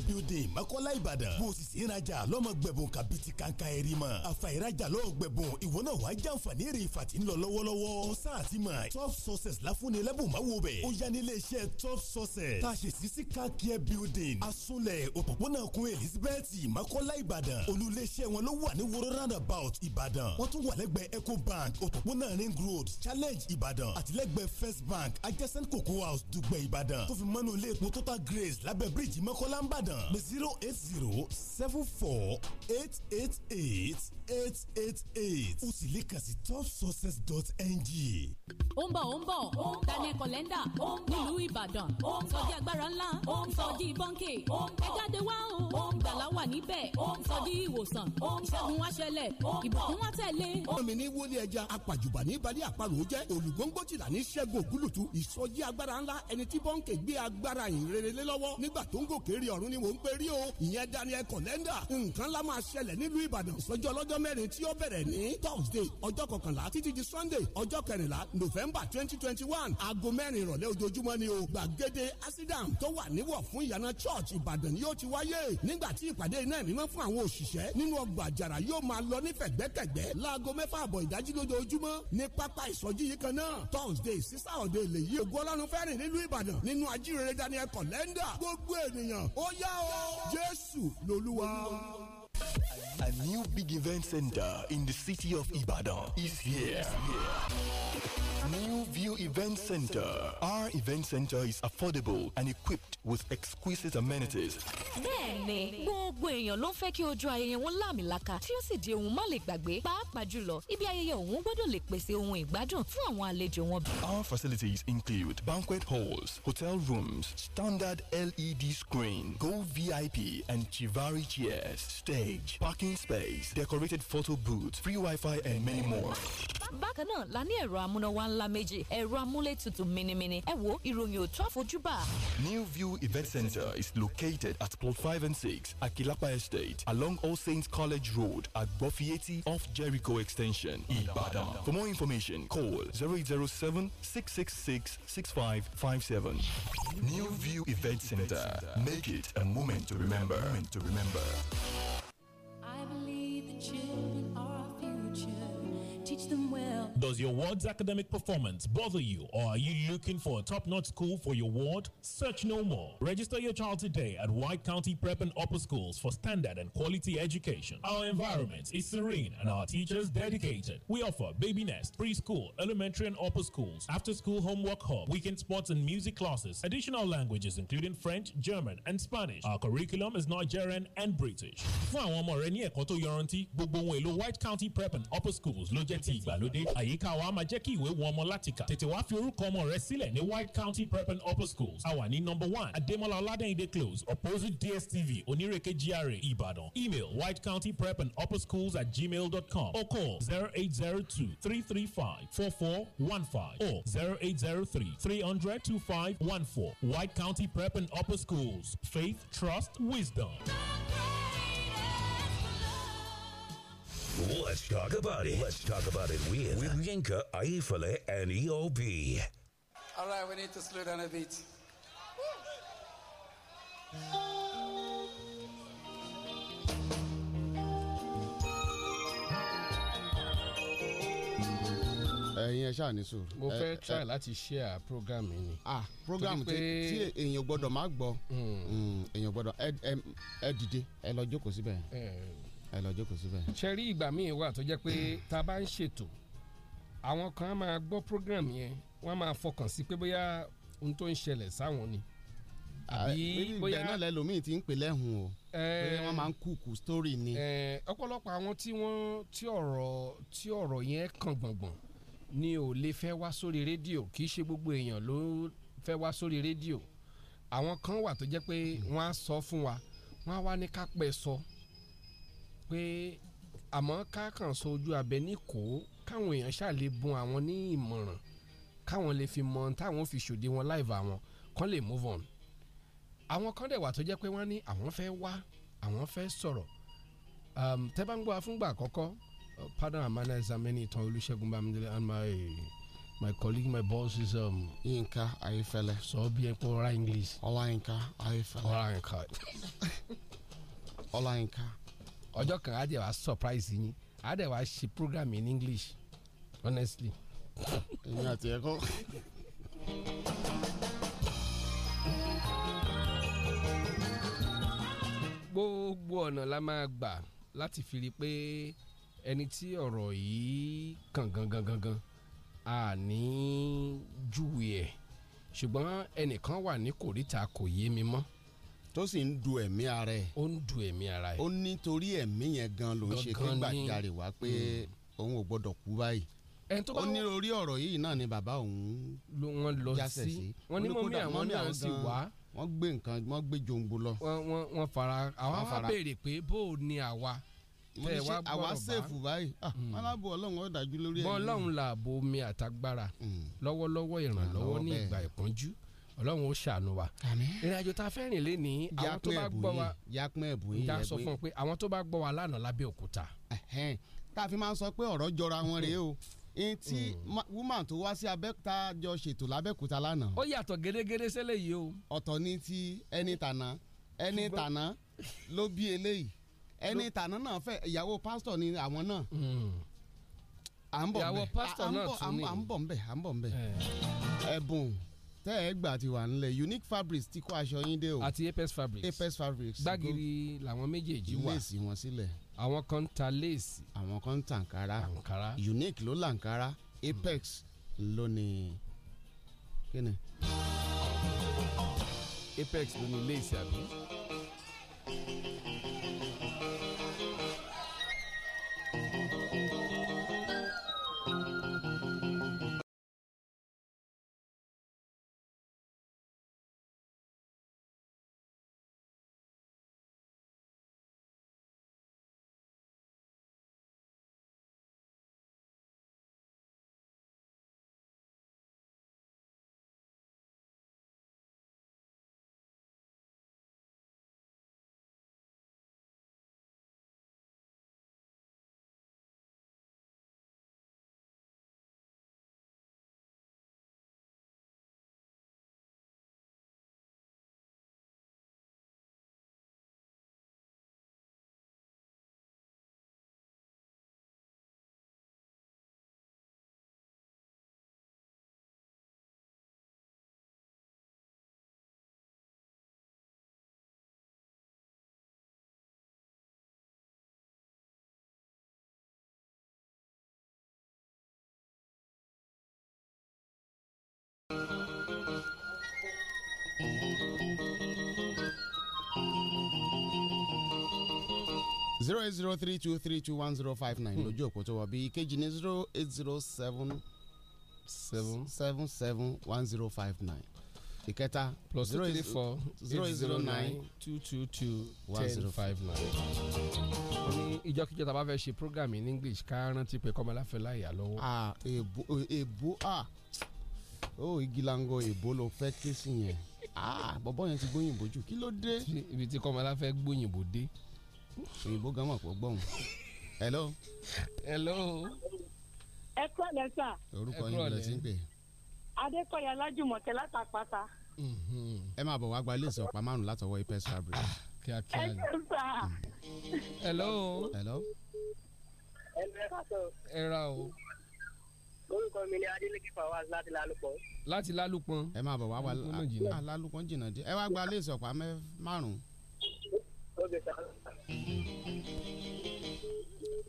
building makola ìbàdàn bó o sì sí ìrajà lọ́mọ gbẹ̀bùn kàbìtì kàǹkà ẹ̀rì mọ́ àfàìrajà lọ́ọ̀ náà wàá jàǹfààní rè ìfà tí ń lọ lọ́wọ́lọ́wọ́. ọ̀sán àti mà top success láfúnni lẹ́bùn máa wo bẹ̀. ó yá nílé iṣẹ́ top success. tá a ṣe sí sí car care building. asunlẹ̀ òpópónà kun elizabeth makola ìbàdàn. olùléeṣẹ́ wọn ló wà ní woro roundabout ìbàdàn. wọ́n tún wà lẹ́gbẹ̀ẹ́ eco bank òpópónà ring road challenge ìbàdàn. àtìlẹ́gbẹ̀ẹ́ first bank adjacent cocoa house dùgbẹ̀ ìbàdàn. tó fi mọ́nú ilé epo total grace lábẹ́ bíríìjì makola ìbàdàn. zero eight zero seven four eight eight eight eight eight eight o sì lè kàn sí topsuccess.ng. ó ń bọ̀ ó ń bọ̀ ó ń ta ní kọ̀lẹ́ndà ó ń bọ̀ nílùú Ìbàdàn ó ń sọjí agbára ńlá ó ń sọjí bọ́ńkè ẹ jáde wá o gbàlá wà níbẹ̀ ó ń sọjí ìwòsàn ìṣẹ́gun wá ṣẹlẹ̀ ìbùkún wá tẹ̀lé. ọmọ mi ní wọlé ẹja apàjùbà ní balẹ̀ àparò jẹ́ olùgbóngbòtìlà ní ṣẹ́gun ògúlùtù ìsọjí agbára ńlá ni mò ń pè rí o ìyẹn Daniel kọ̀lẹ́ndà nǹkan lá lọ́jọ́ mẹ́rin tí ó bẹ̀rẹ̀ ní thursday ọjọ́ kọkànlá títí di sunday ọjọ́ kẹrìnlá november twenty twenty one aago mẹ́rin ìrọ̀lẹ́ ojoojúmọ́ ni o gbàgede asidam tó wà níwọ̀ fún ìyànà church ìbàdàn ni yóò ti wáyé nígbà tí ìpàdé iná mímọ́ fún àwọn òṣìṣẹ́ nínú ọgbà àjàrà yóò máa lọ ní fẹ̀gbẹ́kẹ̀gbẹ́ láago mẹ́fà àbọ̀ ìdájí lójoojúmọ́ ní pápá ìsọjí yìí kan náà thursday sísá ọ̀dẹ lè yí ògo ọlọ́run fẹ́rìn nílùú ìbàdàn nínú ajíire daniel kọ̀lẹ́ndà gbogbo ènìyàn ó yá o jésù lolúwa. A new big event center in the city of Ibadan is here. New View Event Center. Our event center is affordable and equipped with exquisite amenities. bẹ́ẹ̀ni gbogbo èèyàn ló ń fẹ́ kí ojú ayẹyẹ wọn láàmìlaka tí ó sì di ohun má lè gbàgbé pàápàá jùlọ ibi ayẹyẹ òun gbọ́dọ̀ lè pèsè ohun ìgbádùn fún àwọn àlejò wọn. Our facilities include banquet halls, hotel rooms, standard LED screen, gold VIP and Chivari chairs, Stay parking space, decorated photo booth, free Wi-Fi and many more. bákan náà la ní ẹ̀rọ amúnáwá ńlá méjì ẹ̀rọ ẹ wo ìròyìn àfojúbà. new view event centre is located at plot five and six akilapa estate along all saints college road at gbofieti off jericho extension ibadan. for more information call zero eight zero seven six six six six five five seven. new view event centre make it a moment to remember. Moment to remember children teach them well. Does your ward's academic performance bother you, or are you looking for a top notch school for your ward? Search no more. Register your child today at White County Prep and Upper Schools for standard and quality education. Our environment is serene and our teachers dedicated. We offer baby nest, preschool, elementary, and upper schools, after school homework hub, weekend sports and music classes, additional languages including French, German, and Spanish. Our curriculum is Nigerian and British. Fún àwọn ọmọ rẹ yọrantí, gbogbo èlò White County Prep and Upper Schools ló ti ìgbàlódé àyíká wa máa jẹ́ kí ìwé wọn ọmọ láti kà tètè wá fi orúkọ ọmọ rẹ sílẹ̀ ní White County Prep and Upper Schools a wà ní number one Adémọ́lá Ọládẹ́yìndé close opposite DSTV Onírèké GRA Ìbàdàn email whitecountyprepandupperschools at gmail.com or call zero eight zero two three three five four four one five or zero eight zero three three hundred two five one four White County Prep and Upper Schools faith trust wisdom. Let's talk about it. Let's talk about it with, with Yinka, Aifale, and EOB. All right, we need to slow down a bit. ẹ̀yin ẹ ṣáà ní sùn. mo fẹ́ try láti share program yìí ni. ah program tí èèyàn gbọ́dọ̀ máa gbọ́ hmm. Hmm, èèyàn gbọ́dọ̀ ẹ dìde ẹ lọ jókòó síbẹ̀ ẹ lọ jókòó síbẹ̀. ṣe rí ìgbà míì wà tó jẹ́ pé tá a bá ń ṣètò àwọn kan máa gbọ́ program yẹn wọ́n máa fọkàn sí pé bóyá ohun tó ń ṣẹlẹ̀ sáwọn ni àbí bóyá ìgbà náà lẹ́lòmíì ti ń pè lẹ́hùn o bóyá wọ́n máa ń kúkú sítórì ni. ọ̀pọ̀lọpọ̀ àwọn tí wọ́n tí ọ̀rọ̀ tí ọ̀rọ̀ yẹn kàn gbọ̀ngbọ̀n ni ò lè fẹ́ wá sórí rédíò kì í ṣe gbogbo èèyàn ló fẹ́ wá sórí rédíò àwọn kan wà tó jẹ́ pé wọ́n á sọ fún wa wọ́n á wá ní ká pẹ́ sọ. So pé àmọ́ ká kàn so ojú abẹ ní kó káwọn èèyàn ṣàlè bun àwọn ní ìmọ̀ràn káwọn lè fi mọ táwọn fi ṣòde wọn láìva wọn kán lè move on àwọn kan dẹ̀ wà tó jẹ́ pé wọ́n ní àwọn fẹ́ wá àwọn fẹ́ sọ̀rọ̀ um, tẹ́ bá ń gbọ́ afúngbà àkọ́kọ́ uh, pardon amana examine ìtàn Olúṣẹ́gun Bámidélé and my my colleague my boss is um, Yinka Ayefele sọ bí ẹ pé ọlá English ọlá Yinka Ayefele ọlá Yinka ọlá Yinka ọjọ́ kan á wa wá surprise yín á dẹ̀ ṣe program in English honestly. èmi àti ẹ̀kọ́. gbogbo ọ̀nà la máa gbà láti fi rí i pé ẹni tí ọ̀rọ̀ yìí kàn gangan gangan a ní júwe ẹ̀ ṣùgbọ́n ẹnìkan wà ní kòríta kò yé mi mọ́ tó sì ń du ẹ̀mí ara ẹ̀. ó ń du ẹ̀mí ara ẹ̀. ó nítorí ẹ̀mí yẹn gan ló ń ṣe kí gbàjarè wá pé hmm. òun ò gbọdọ̀ kú báyìí. ẹni tó bá wọn ó ní orí ọ̀rọ̀ yìí náà ni bàbá òun jásẹ̀ sí. wọ́n ní mọ́mí àwọn náà sì wá. wọ́n gbé nǹkan wọ́n gbé jòǹgbò lọ. wọ́n fara àwa wá béèrè pé bó o ní àwa. àwa sèfù báyìí. wọn á bọ ọlọ́run ó dájú lórí ẹ̀mí. bọ́ ọlọ́run omi àtagbára hmm. lọ́wọ́lọ́wọ́ ìrànlọ́wọ́ ní ìgbà ìpọ́njú ọlọ́run ó ṣàánú wa ìrìn àjò tá a fẹ́ rìn lé ní àwọn tó bá gbọ́ wa já sọ fún un pé àwọn tó bá gbọ́ wa lánàá lábẹ́ òkúta. tá a fi máa ń sọ pé ọ̀rọ̀ jọra wọn rèé o n ti hmm. woman tó wá sí abẹ́kúta jọ ṣètò lábẹ́kúta lánàá. ó yàtọ̀ gédégédé sẹ́lẹ̀ yìí o. ọ̀tọ̀ ni ti ẹni tàná ẹni tàná ló bí eléyìí ẹni tàná náà fẹ́ ìyàwó pásítọ̀ ni àwọn náà hmm. à ń bọ̀ ń bẹ̀ à ń bọ̀ ń bẹ̀ à ń bọ̀ ń bẹ̀ eh. ẹ̀bùn tẹ́ ẹ gbà ti wà nílẹ̀ unique fabrics ti kó aṣọ yín dé o àti apes fabrics apes fabrics gbàgìrì làwọn méjèèjì wà léèsì wọn sílẹ̀ àwọn kan ta léèsì àwọn kan ta àǹkárá àǹkárá unique ló làǹkárá hmm. apex ló ní kíni. apex ló ní léèsì àbí. zero eight zero three two three two one zero five nine hmm. lójú òpó tó wọ bí ìkejì ní zero eight zero seven seven seven seven one zero five nine ìkẹta plus two three four zero eight zero nine two two two one zero five nine. ní ìjọkíjọ tàbá fẹ́ ṣe program in english ká rántí pé kọ́mọlá fẹ́ láyà lọ́wọ́. a ebo ebo a ó igi lango èbó ló fẹ́ ké sí yẹn a bọ́bọ́ yẹn ti gbóyìnbó jù kí ló dé. ibi tí kọ́mọlá fẹ́ gbóyìnbó dé òyìnbó gan mọ̀ pọ̀ gbọ́n. hello. hello. ẹ kúrò lẹ́sà. orúkọ yín lọ sí ń adékọ̀yà lájùmọ̀kẹ́ látàpáta. Mm-hmm. ẹ máa bọ̀ wá gba ilé ìsọ̀pá márùn-ún látọwọ́ Apex Fabric. Ah, kíákíá ni. ẹ jẹ́ sà. hello. hello. ẹ ra o. orúkọ mi ni adeleke fawaz láti lálùpọ̀. láti lálùpọ̀. ẹ máa bọ̀ wá wá ah, lálùpọ̀ jìnnà díẹ̀ ẹ wá gba ilé ìsọ̀pá márùn-ún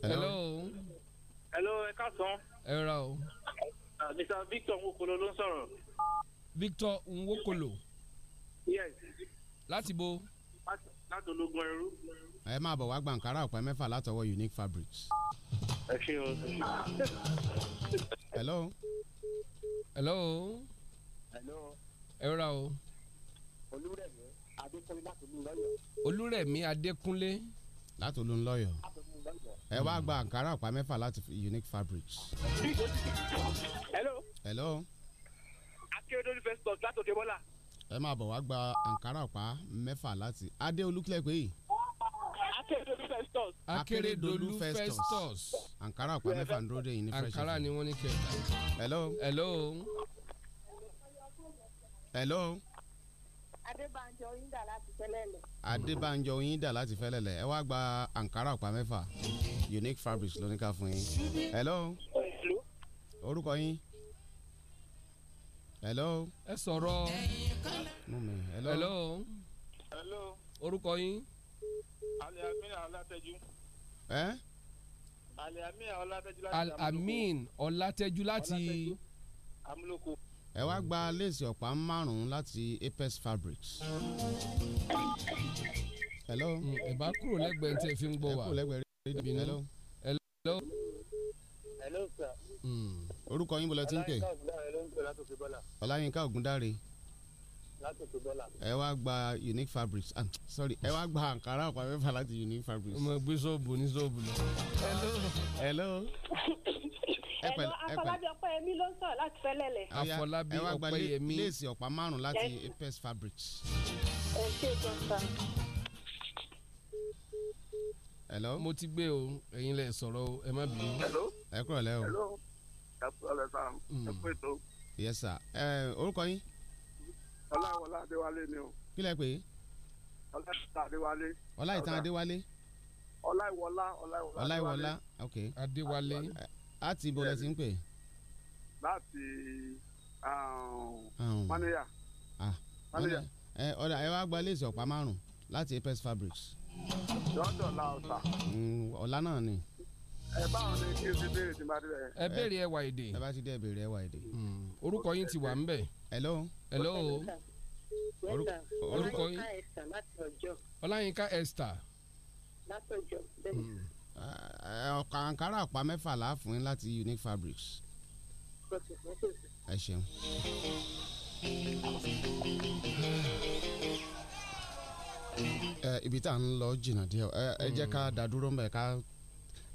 hello. hello ẹ káàsán. ẹ rà o. Ah, Mr. Victor Nwokolo ló ń sọ̀rọ̀. Victor Nwokolo. yes. láti bo. láti ológun ẹrú. ẹ máa bọ̀ wá gbàǹkárà ọ̀pẹ mẹ́fà látọwọ́ Unique Fabrics. ẹ ṣe o. hello. hello. hello. ẹ rà o. olúrẹ̀mí Adékúnlé láti olú lọ́yọ̀. Olúrẹ̀mí Adékúnlé. láti olú lọ́yọ̀. ẹ wá gba àǹkárá ọ̀pá mẹ́fà láti Unique Fabrics. hello. hello. akéwédolú first stop láti òkè bọ́lá. ẹ máa bọ̀ wá gba àǹkárá ọ̀pá mẹ́fà láti adéolú kílẹ̀ yìí. Akérédolú Festus. Ankara ọ̀pá mẹ́fà ń dúró dé yìí ní fresh. Ankara ni wọ́n ní kẹta. hello. hello. hello adébánjọ oyíndà láti fẹ́lẹ́lẹ̀. adébánjọ oyíndà láti fẹ́lẹ́lẹ̀ ẹ wá gba ankara ọ̀pá mẹ́fà unique fabrics ló ní ká fún yín. hello. orúkọ yín. hello. ẹ sọ̀rọ̀. hello. hello. hello. orúkọ yín. aliamin ọlátẹjú. ẹ. aliamin ọlátẹjú láti. alamin ọlátẹjú láti. amúlòkó ẹ wá gba léèsì ọ̀pá márùn-ún láti Apex Fabrics. hello. Mm, ẹ bá kúrò lẹ́gbẹ̀ẹ́ tí fi ń gbọ́ wa. ẹ kúrò lẹ́gbẹ̀ẹ́ rédíò mi. hello. hello. hello sir. Mm. orúkọ yín bọ̀lá tí ń pè. ọláyínká ògúndáre ló ń pè látòkè bọ́lá. ọláyínká ògúndáre látòkè dọ́là. ẹ wá gba unique fabrics ah, sorry ẹ wá gba ankara ọkọ afẹ́fà láti unique fabrics. ọmọ gbé sọ́ọ̀bù ní sọ́ọ̀bù lọ. hello. hello. hello afọlábí ọpẹ́yẹmí ló ń sọ̀rọ̀ láti fẹ́lẹ́lẹ̀. afọlábí ọpẹ́yẹmí léèsì ọ̀pá márùn-ún láti apes fabrics. ẹ ṣe é jọba. hello. mo ti gbé o ẹ̀yin lẹ sọ̀rọ̀ o ẹ má bínú. hello. ẹ kúrọ̀lẹ́ o. hello. ẹ kúrọ̀lẹ́ sáà ẹ kú mm. ètò. yes sir. orúkọ yín ọláwọlá adéwálé ni o. kí lẹ pè é. ọláìtàn adéwálé. ọláìtàn adéwálé. ọláìwọlá ọláìwọlá. ọláìwọlá ok. adéwálé. láti ibo lẹ ti ń pè. láti mọ́níyà. Um, ah, mọ́níyà ẹ wá gba ilé ìsọ̀pá márùn-ún láti apes fabrics. lọ́dọ̀ la ọ̀tà. Mm, ọ̀la náà ni ẹ bá wọn ní kí n ti béèrè tí n bá débẹ̀. ẹ béèrè ẹwà èdè. ẹ bá ti dé béèrè ẹwà èdè. Mm, orúkọ yín ti wà ń bẹ̀. hello. hello orúkọ yín ọláyínká esther látọjọ bẹ́ẹ̀. Hmm. Eh, eh, ọkọ àǹkárá ọ̀pá mẹ́fà láàfún yín láti unique fabrics. ẹ ṣeun. Eh, ibi tá à ń lọ jìnnà díẹ̀ ẹ jẹ́ ká dàdúró mbẹ̀ ká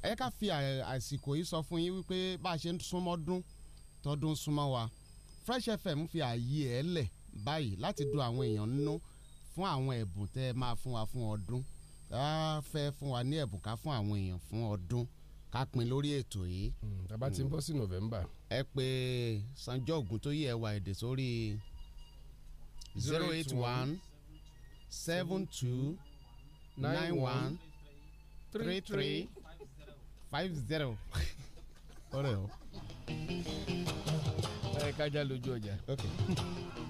ẹ ká fi àsìkò yìí sọ fún yín wípé bá a ṣe ń súnmọ́ dún tọdún súnmọ́ wa Fresh FM fi ààyè ẹ̀ lẹ̀ báyìí láti dùn àwọn èèyàn nínú fún àwọn ẹ̀bùn tẹ́ ẹ máa fún wa fún ọdún a fẹ́ fún wa ní ẹ̀bùn ká fún àwọn èèyàn fún ọdún ká pin lórí ètò yìí. Hmm, tàbá ti ń bọ́ sí november. ẹ pè sanjọ́ ògùntóyè ẹwà èdè sórí zero eight one seven two nine one three three five zero. ọ̀rẹ́ o. ẹ kájà lójú ọjà. okay.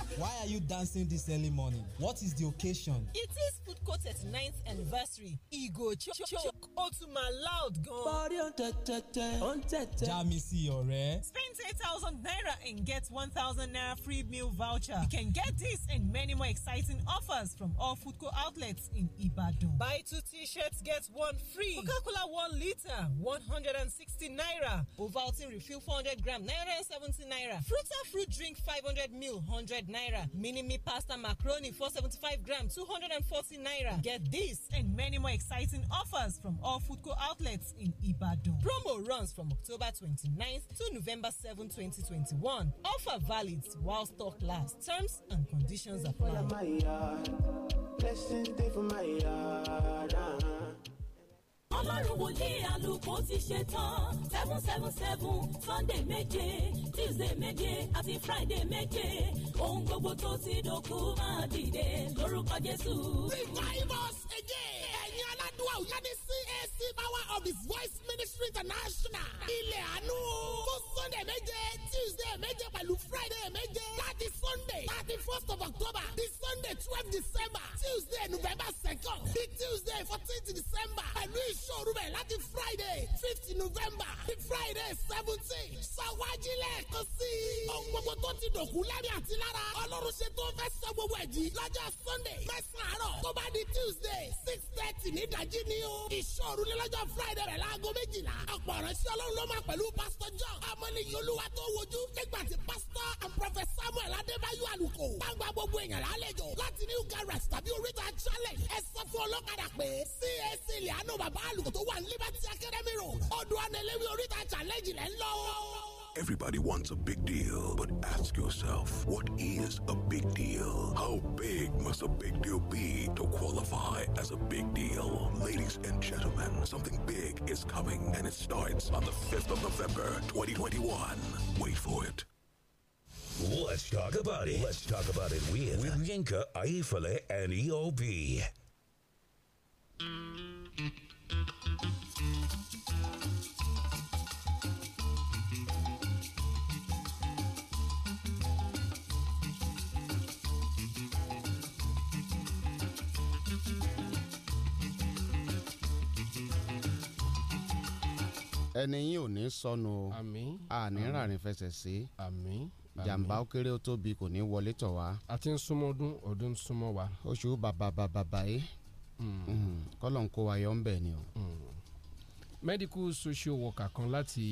Why are you dancing this early morning? What is the occasion? It is Food Court's 39th anniversary. Ego choke choke Otuma loud gun. Party on tete, on tete. Jamisi ọ̀rẹ́. Spend 8,000 naira and get 1,000 naira free meal voucher. You can get this and many more exciting offers from all Food Court outlets in Ibadan. Buy two t-shirts, get one free. Coca-Cola 1 liter, 160 naira. Ovaltine refill 400 gram, 970 naira. or fruit drink 500 mil, 100 naira naira. Mini me pasta macaroni 475 grams 240 naira. Get this and many more exciting offers from all food co outlets in Ibadan. Promo runs from October 29th to November 7, 2021. Offer valid while stock lasts. Terms and conditions apply. ọlọ́run wòlíì àlùkò ti ṣe tán seven seven seven sunday méje tuesday méje àti friday méje ohun gbogbo tó ti dòkú máa dìde lórúkọ jésù. revive us again. Adua òyá ní CAC power of his voice ministry international. Ilé àánú. Fún Sunday méje, Tuesday méje pẹ̀lú Friday méje. Láti Sunday thirty first of October di Sunday twelve December. Tuesday November second di Tuesday fourteen December. Pẹ̀lú ìṣòro bẹ̀ láti Friday fifth November di Friday seventeen. Sọ̀wájú lẹ́ẹ̀kan sí i. Ohun gbogbo tó ti dòkú lẹ́rìn àti lára. Ọlọ́run ṣe tó fẹ́ sọ gbogbo ẹ̀jì lọ́jọ́ Sunday mẹ́sàn-án àárọ̀ tó bá di Tuesday six thirty nídàájọ́. méjì ni o. ìṣòro ní lọ́jọ́ friday rẹ̀ láago méjìlá. ọ̀pọ̀ ọ̀rọ̀ sí ọlọ́run ló máa pẹ̀lú pásítọ̀ john. amọ̀nìyàn olúwa tó wojú nígbà tí pásítọ̀ and prophet samuel adébáyọ̀ àlùkò. gbangba gbogbo èèyàn lálejò láti new garage tàbí oríta challenge. ẹ sọ fún ọlọ́kadà pé csc lẹ́hànú bàbá àlùkò tó wà ní liberty academy road. ọdún anẹlẹ́wì oríta challenge lẹ́ ń lọ. Everybody wants a big deal, but ask yourself, what is a big deal? How big must a big deal be to qualify as a big deal? Ladies and gentlemen, something big is coming, and it starts on the 5th of November, 2021. Wait for it. Let's talk about it. Let's talk about it with, with Yinka, Aifale, and EOB. Mm-hmm. ẹni yín ò ní sọnù o àní ràrìn fẹsẹ̀ sí jàǹbá ó kéré ó tóbi kò ní wọlé tọ̀ wá. a ti ń súnmọ́ ọdún ọdún ń súnmọ́ wa. oṣù bàbà bàbà báyé kọ́lọ̀ ń kó wa yọ̀ ń bẹ̀ ni o. Hmm. medical social worker kan láti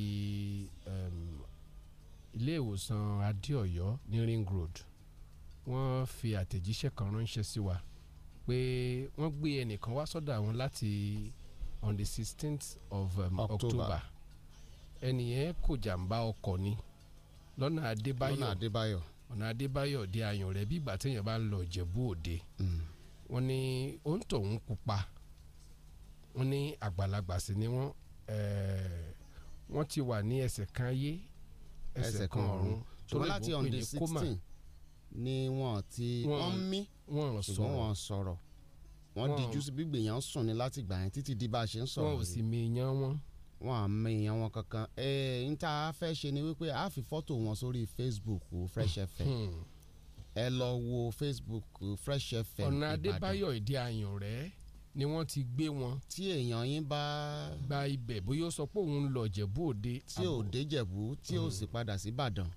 ilé ìwòsàn adéọ̀yọ́ ní ring road wọ́n fi àtẹ̀jíṣẹ́ kan ránṣẹ́ sí wa pé wọ́n gbé ẹnìkan wá sọ́dọ̀ àwọn láti. So on the sixteenth of um, October ẹnìyẹn kò jàǹbá ọkọ̀ ni lọ́nà Adébáyọ̀ lọ́nà Adébáyọ̀ ọ̀nà Adébáyọ̀ di ayùn rẹ̀ bí ìgbà téèyàn bá ń lọ Ìjẹ̀bú Òde mm. wọ́n ní òǹtọ̀hún pupa wọ́n ní àgbàlagbà sí ni wọ́n wọ́n ti wà ní ẹsẹ̀ kan ayé ẹsẹ̀ kan ọ̀run tó lè bọ́ pé ní kómà ni wọ́n ti wọ́n mí ṣùgbọ́n wọ́n sọ̀rọ̀ wọ́n díjú sí gbígbé yẹn ń sùn ní láti gbà yẹn títí di bá a ṣe ń sọ̀rọ̀ wọn ò sì mèèyàn wọn. wọn à mèèyàn wọn kankan ẹ n ta fẹ́ ṣe ni wípé a fi fọ́tò wọn sórí Facebook Fresh FM hmm. ẹ lọ wo Facebook Fresh FM Ìbàdàn. ọ̀nà Adébáyọ̀ ìdí ayàn rẹ̀ ni wọ́n ti gbé wọn. tí èèyàn yín bá. gba ibẹ̀ bóyá ó sọ pé òun lọ Jẹ̀bú òde. tí ò dé Jẹ̀bú tí ò hmm. sì padà sí Ìbàdàn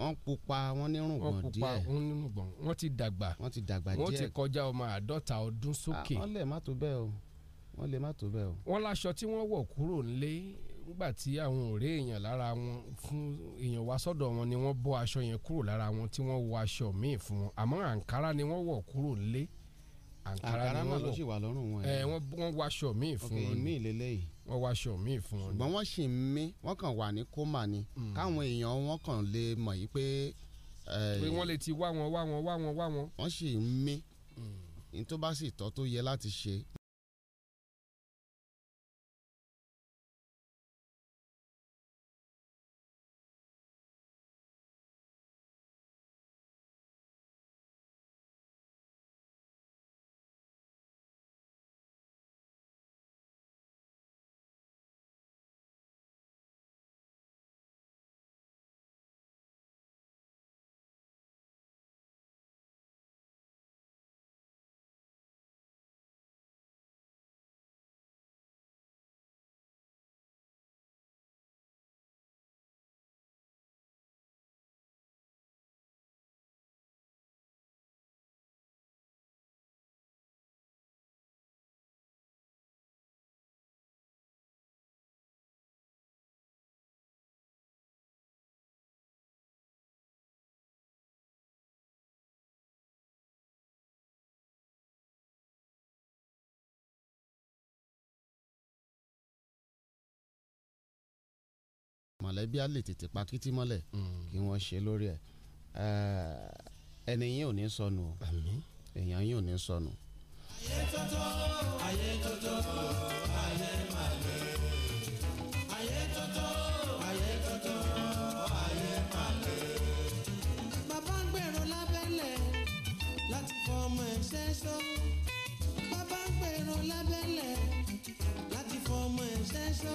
wọ́n pupa wọ́n nírùngbọ̀n díẹ̀ wọ́n pupa wọ́n nírùngbọ̀n wọ́n ti dàgbà wọ́n ti dàgbà díẹ̀ wọ́n ti kọjá ọmọ àádọ́ta ọdún ah, sókè. wọ́n lè má tó bẹ́ẹ̀ o wọ́n lè má tó bẹ́ẹ̀ o. wọ́n láṣọ tí wọ́n wọ̀ kúrò nílé nígbà tí àwọn ọ̀rẹ́ èèyàn lára wọn fún èèyàn wá sọ́dọ̀ wọn ni wọ́n bọ́ aṣọ yẹn kúrò lára wọn tí wọ́n wọ aṣọ míì fún wọn àmọ́ àǹkárá ni wọ́n wọ̀ kúrò nílé. Ankara ni wọ́n lò ẹ wọ́n wọ́n waṣọ míì fún wọn ni wọ́n waṣọ míì fún wọn ni. ṣùgbọ́n wọ́n sì ń mí wọ́n kàn wà ní kómà ni hmm. káwọn èèyàn wọn kàn lè mọ̀ yìí pé. pé wọ́n lè ti wá wọn wá wọn wá wọn wá wọn. wọ́n sì ń mí hmm. ní tó bá sì tọ́ tó yẹ láti ṣe mọ̀lẹ́bí á lè tètè pa kítí mọ́lẹ̀ mm. kí wọ́n ṣe lórí ẹ̀ eh, ẹni yín ò ní sọnù o èèyàn yín ò ní sọnù. ayé tọ́tọ́ ayé tọ́tọ́ ayé máa lè ayé tọ́tọ́ ayé tọ́tọ́ ayé máa lè. bàbá ń gbèrò lábẹ́lẹ̀ láti fọ ọmọ ẹ̀ṣẹ́ sọ. bàbá ń gbèrò lábẹ́lẹ̀ láti fọ ọmọ ẹ̀ṣẹ́ sọ.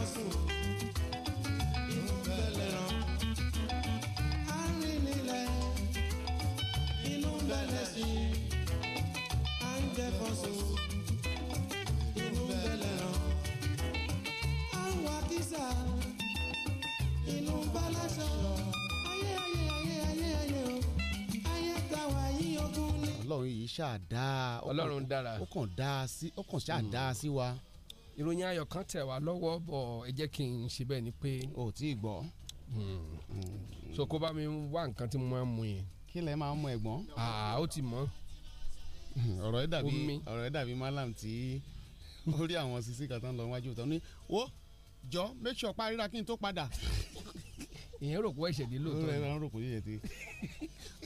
lẹ́ran sùn inú fẹ́ lẹ́ran. arìn nílẹ̀ inú fẹ́ lẹ́sìn o ayé táwa yí ogún yìí ṣáà dáa ọlọ́run dára ó kàn dáa sí wa ìròyìn ayọ̀ kan tẹ̀ wá lọ́wọ́ bọ̀ ẹ jẹ́ kí n ṣe bẹ́ẹ̀ ni pé. o ò tí hmm. hmm. so kó bá mi wá nǹkan tí mo máa ń mu yẹn. kí lẹ máa ń mu ẹ̀gbọ́n. àá ó ti mọ́. ọ̀rọ̀ ẹ dàbí ọ̀rọ̀ ẹ dàbí malam tí ó rí àwọn sisi kan tó ń lọ wájú tó ní wo jọ make sure parí ra kí n tó padà. ìyẹn rò pé ẹ̀ṣẹ̀ lóòótọ́ ni. ìyẹn rò pé ẹ̀ṣẹ̀ dé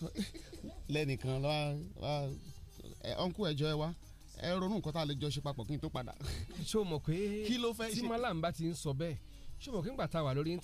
lẹ́nìkan lọ́wọ́ ọ̀nkú ẹ̀jọ́ ẹ wá ẹ ronú nǹkan tá a lè jọ ṣe papọ̀ kí n tó padà. ṣé o mọ̀ pé tí malam bá ti ń sọ bẹ́ẹ̀ ṣé o mọ̀ pé ńgbà tá a wà lórí íńtá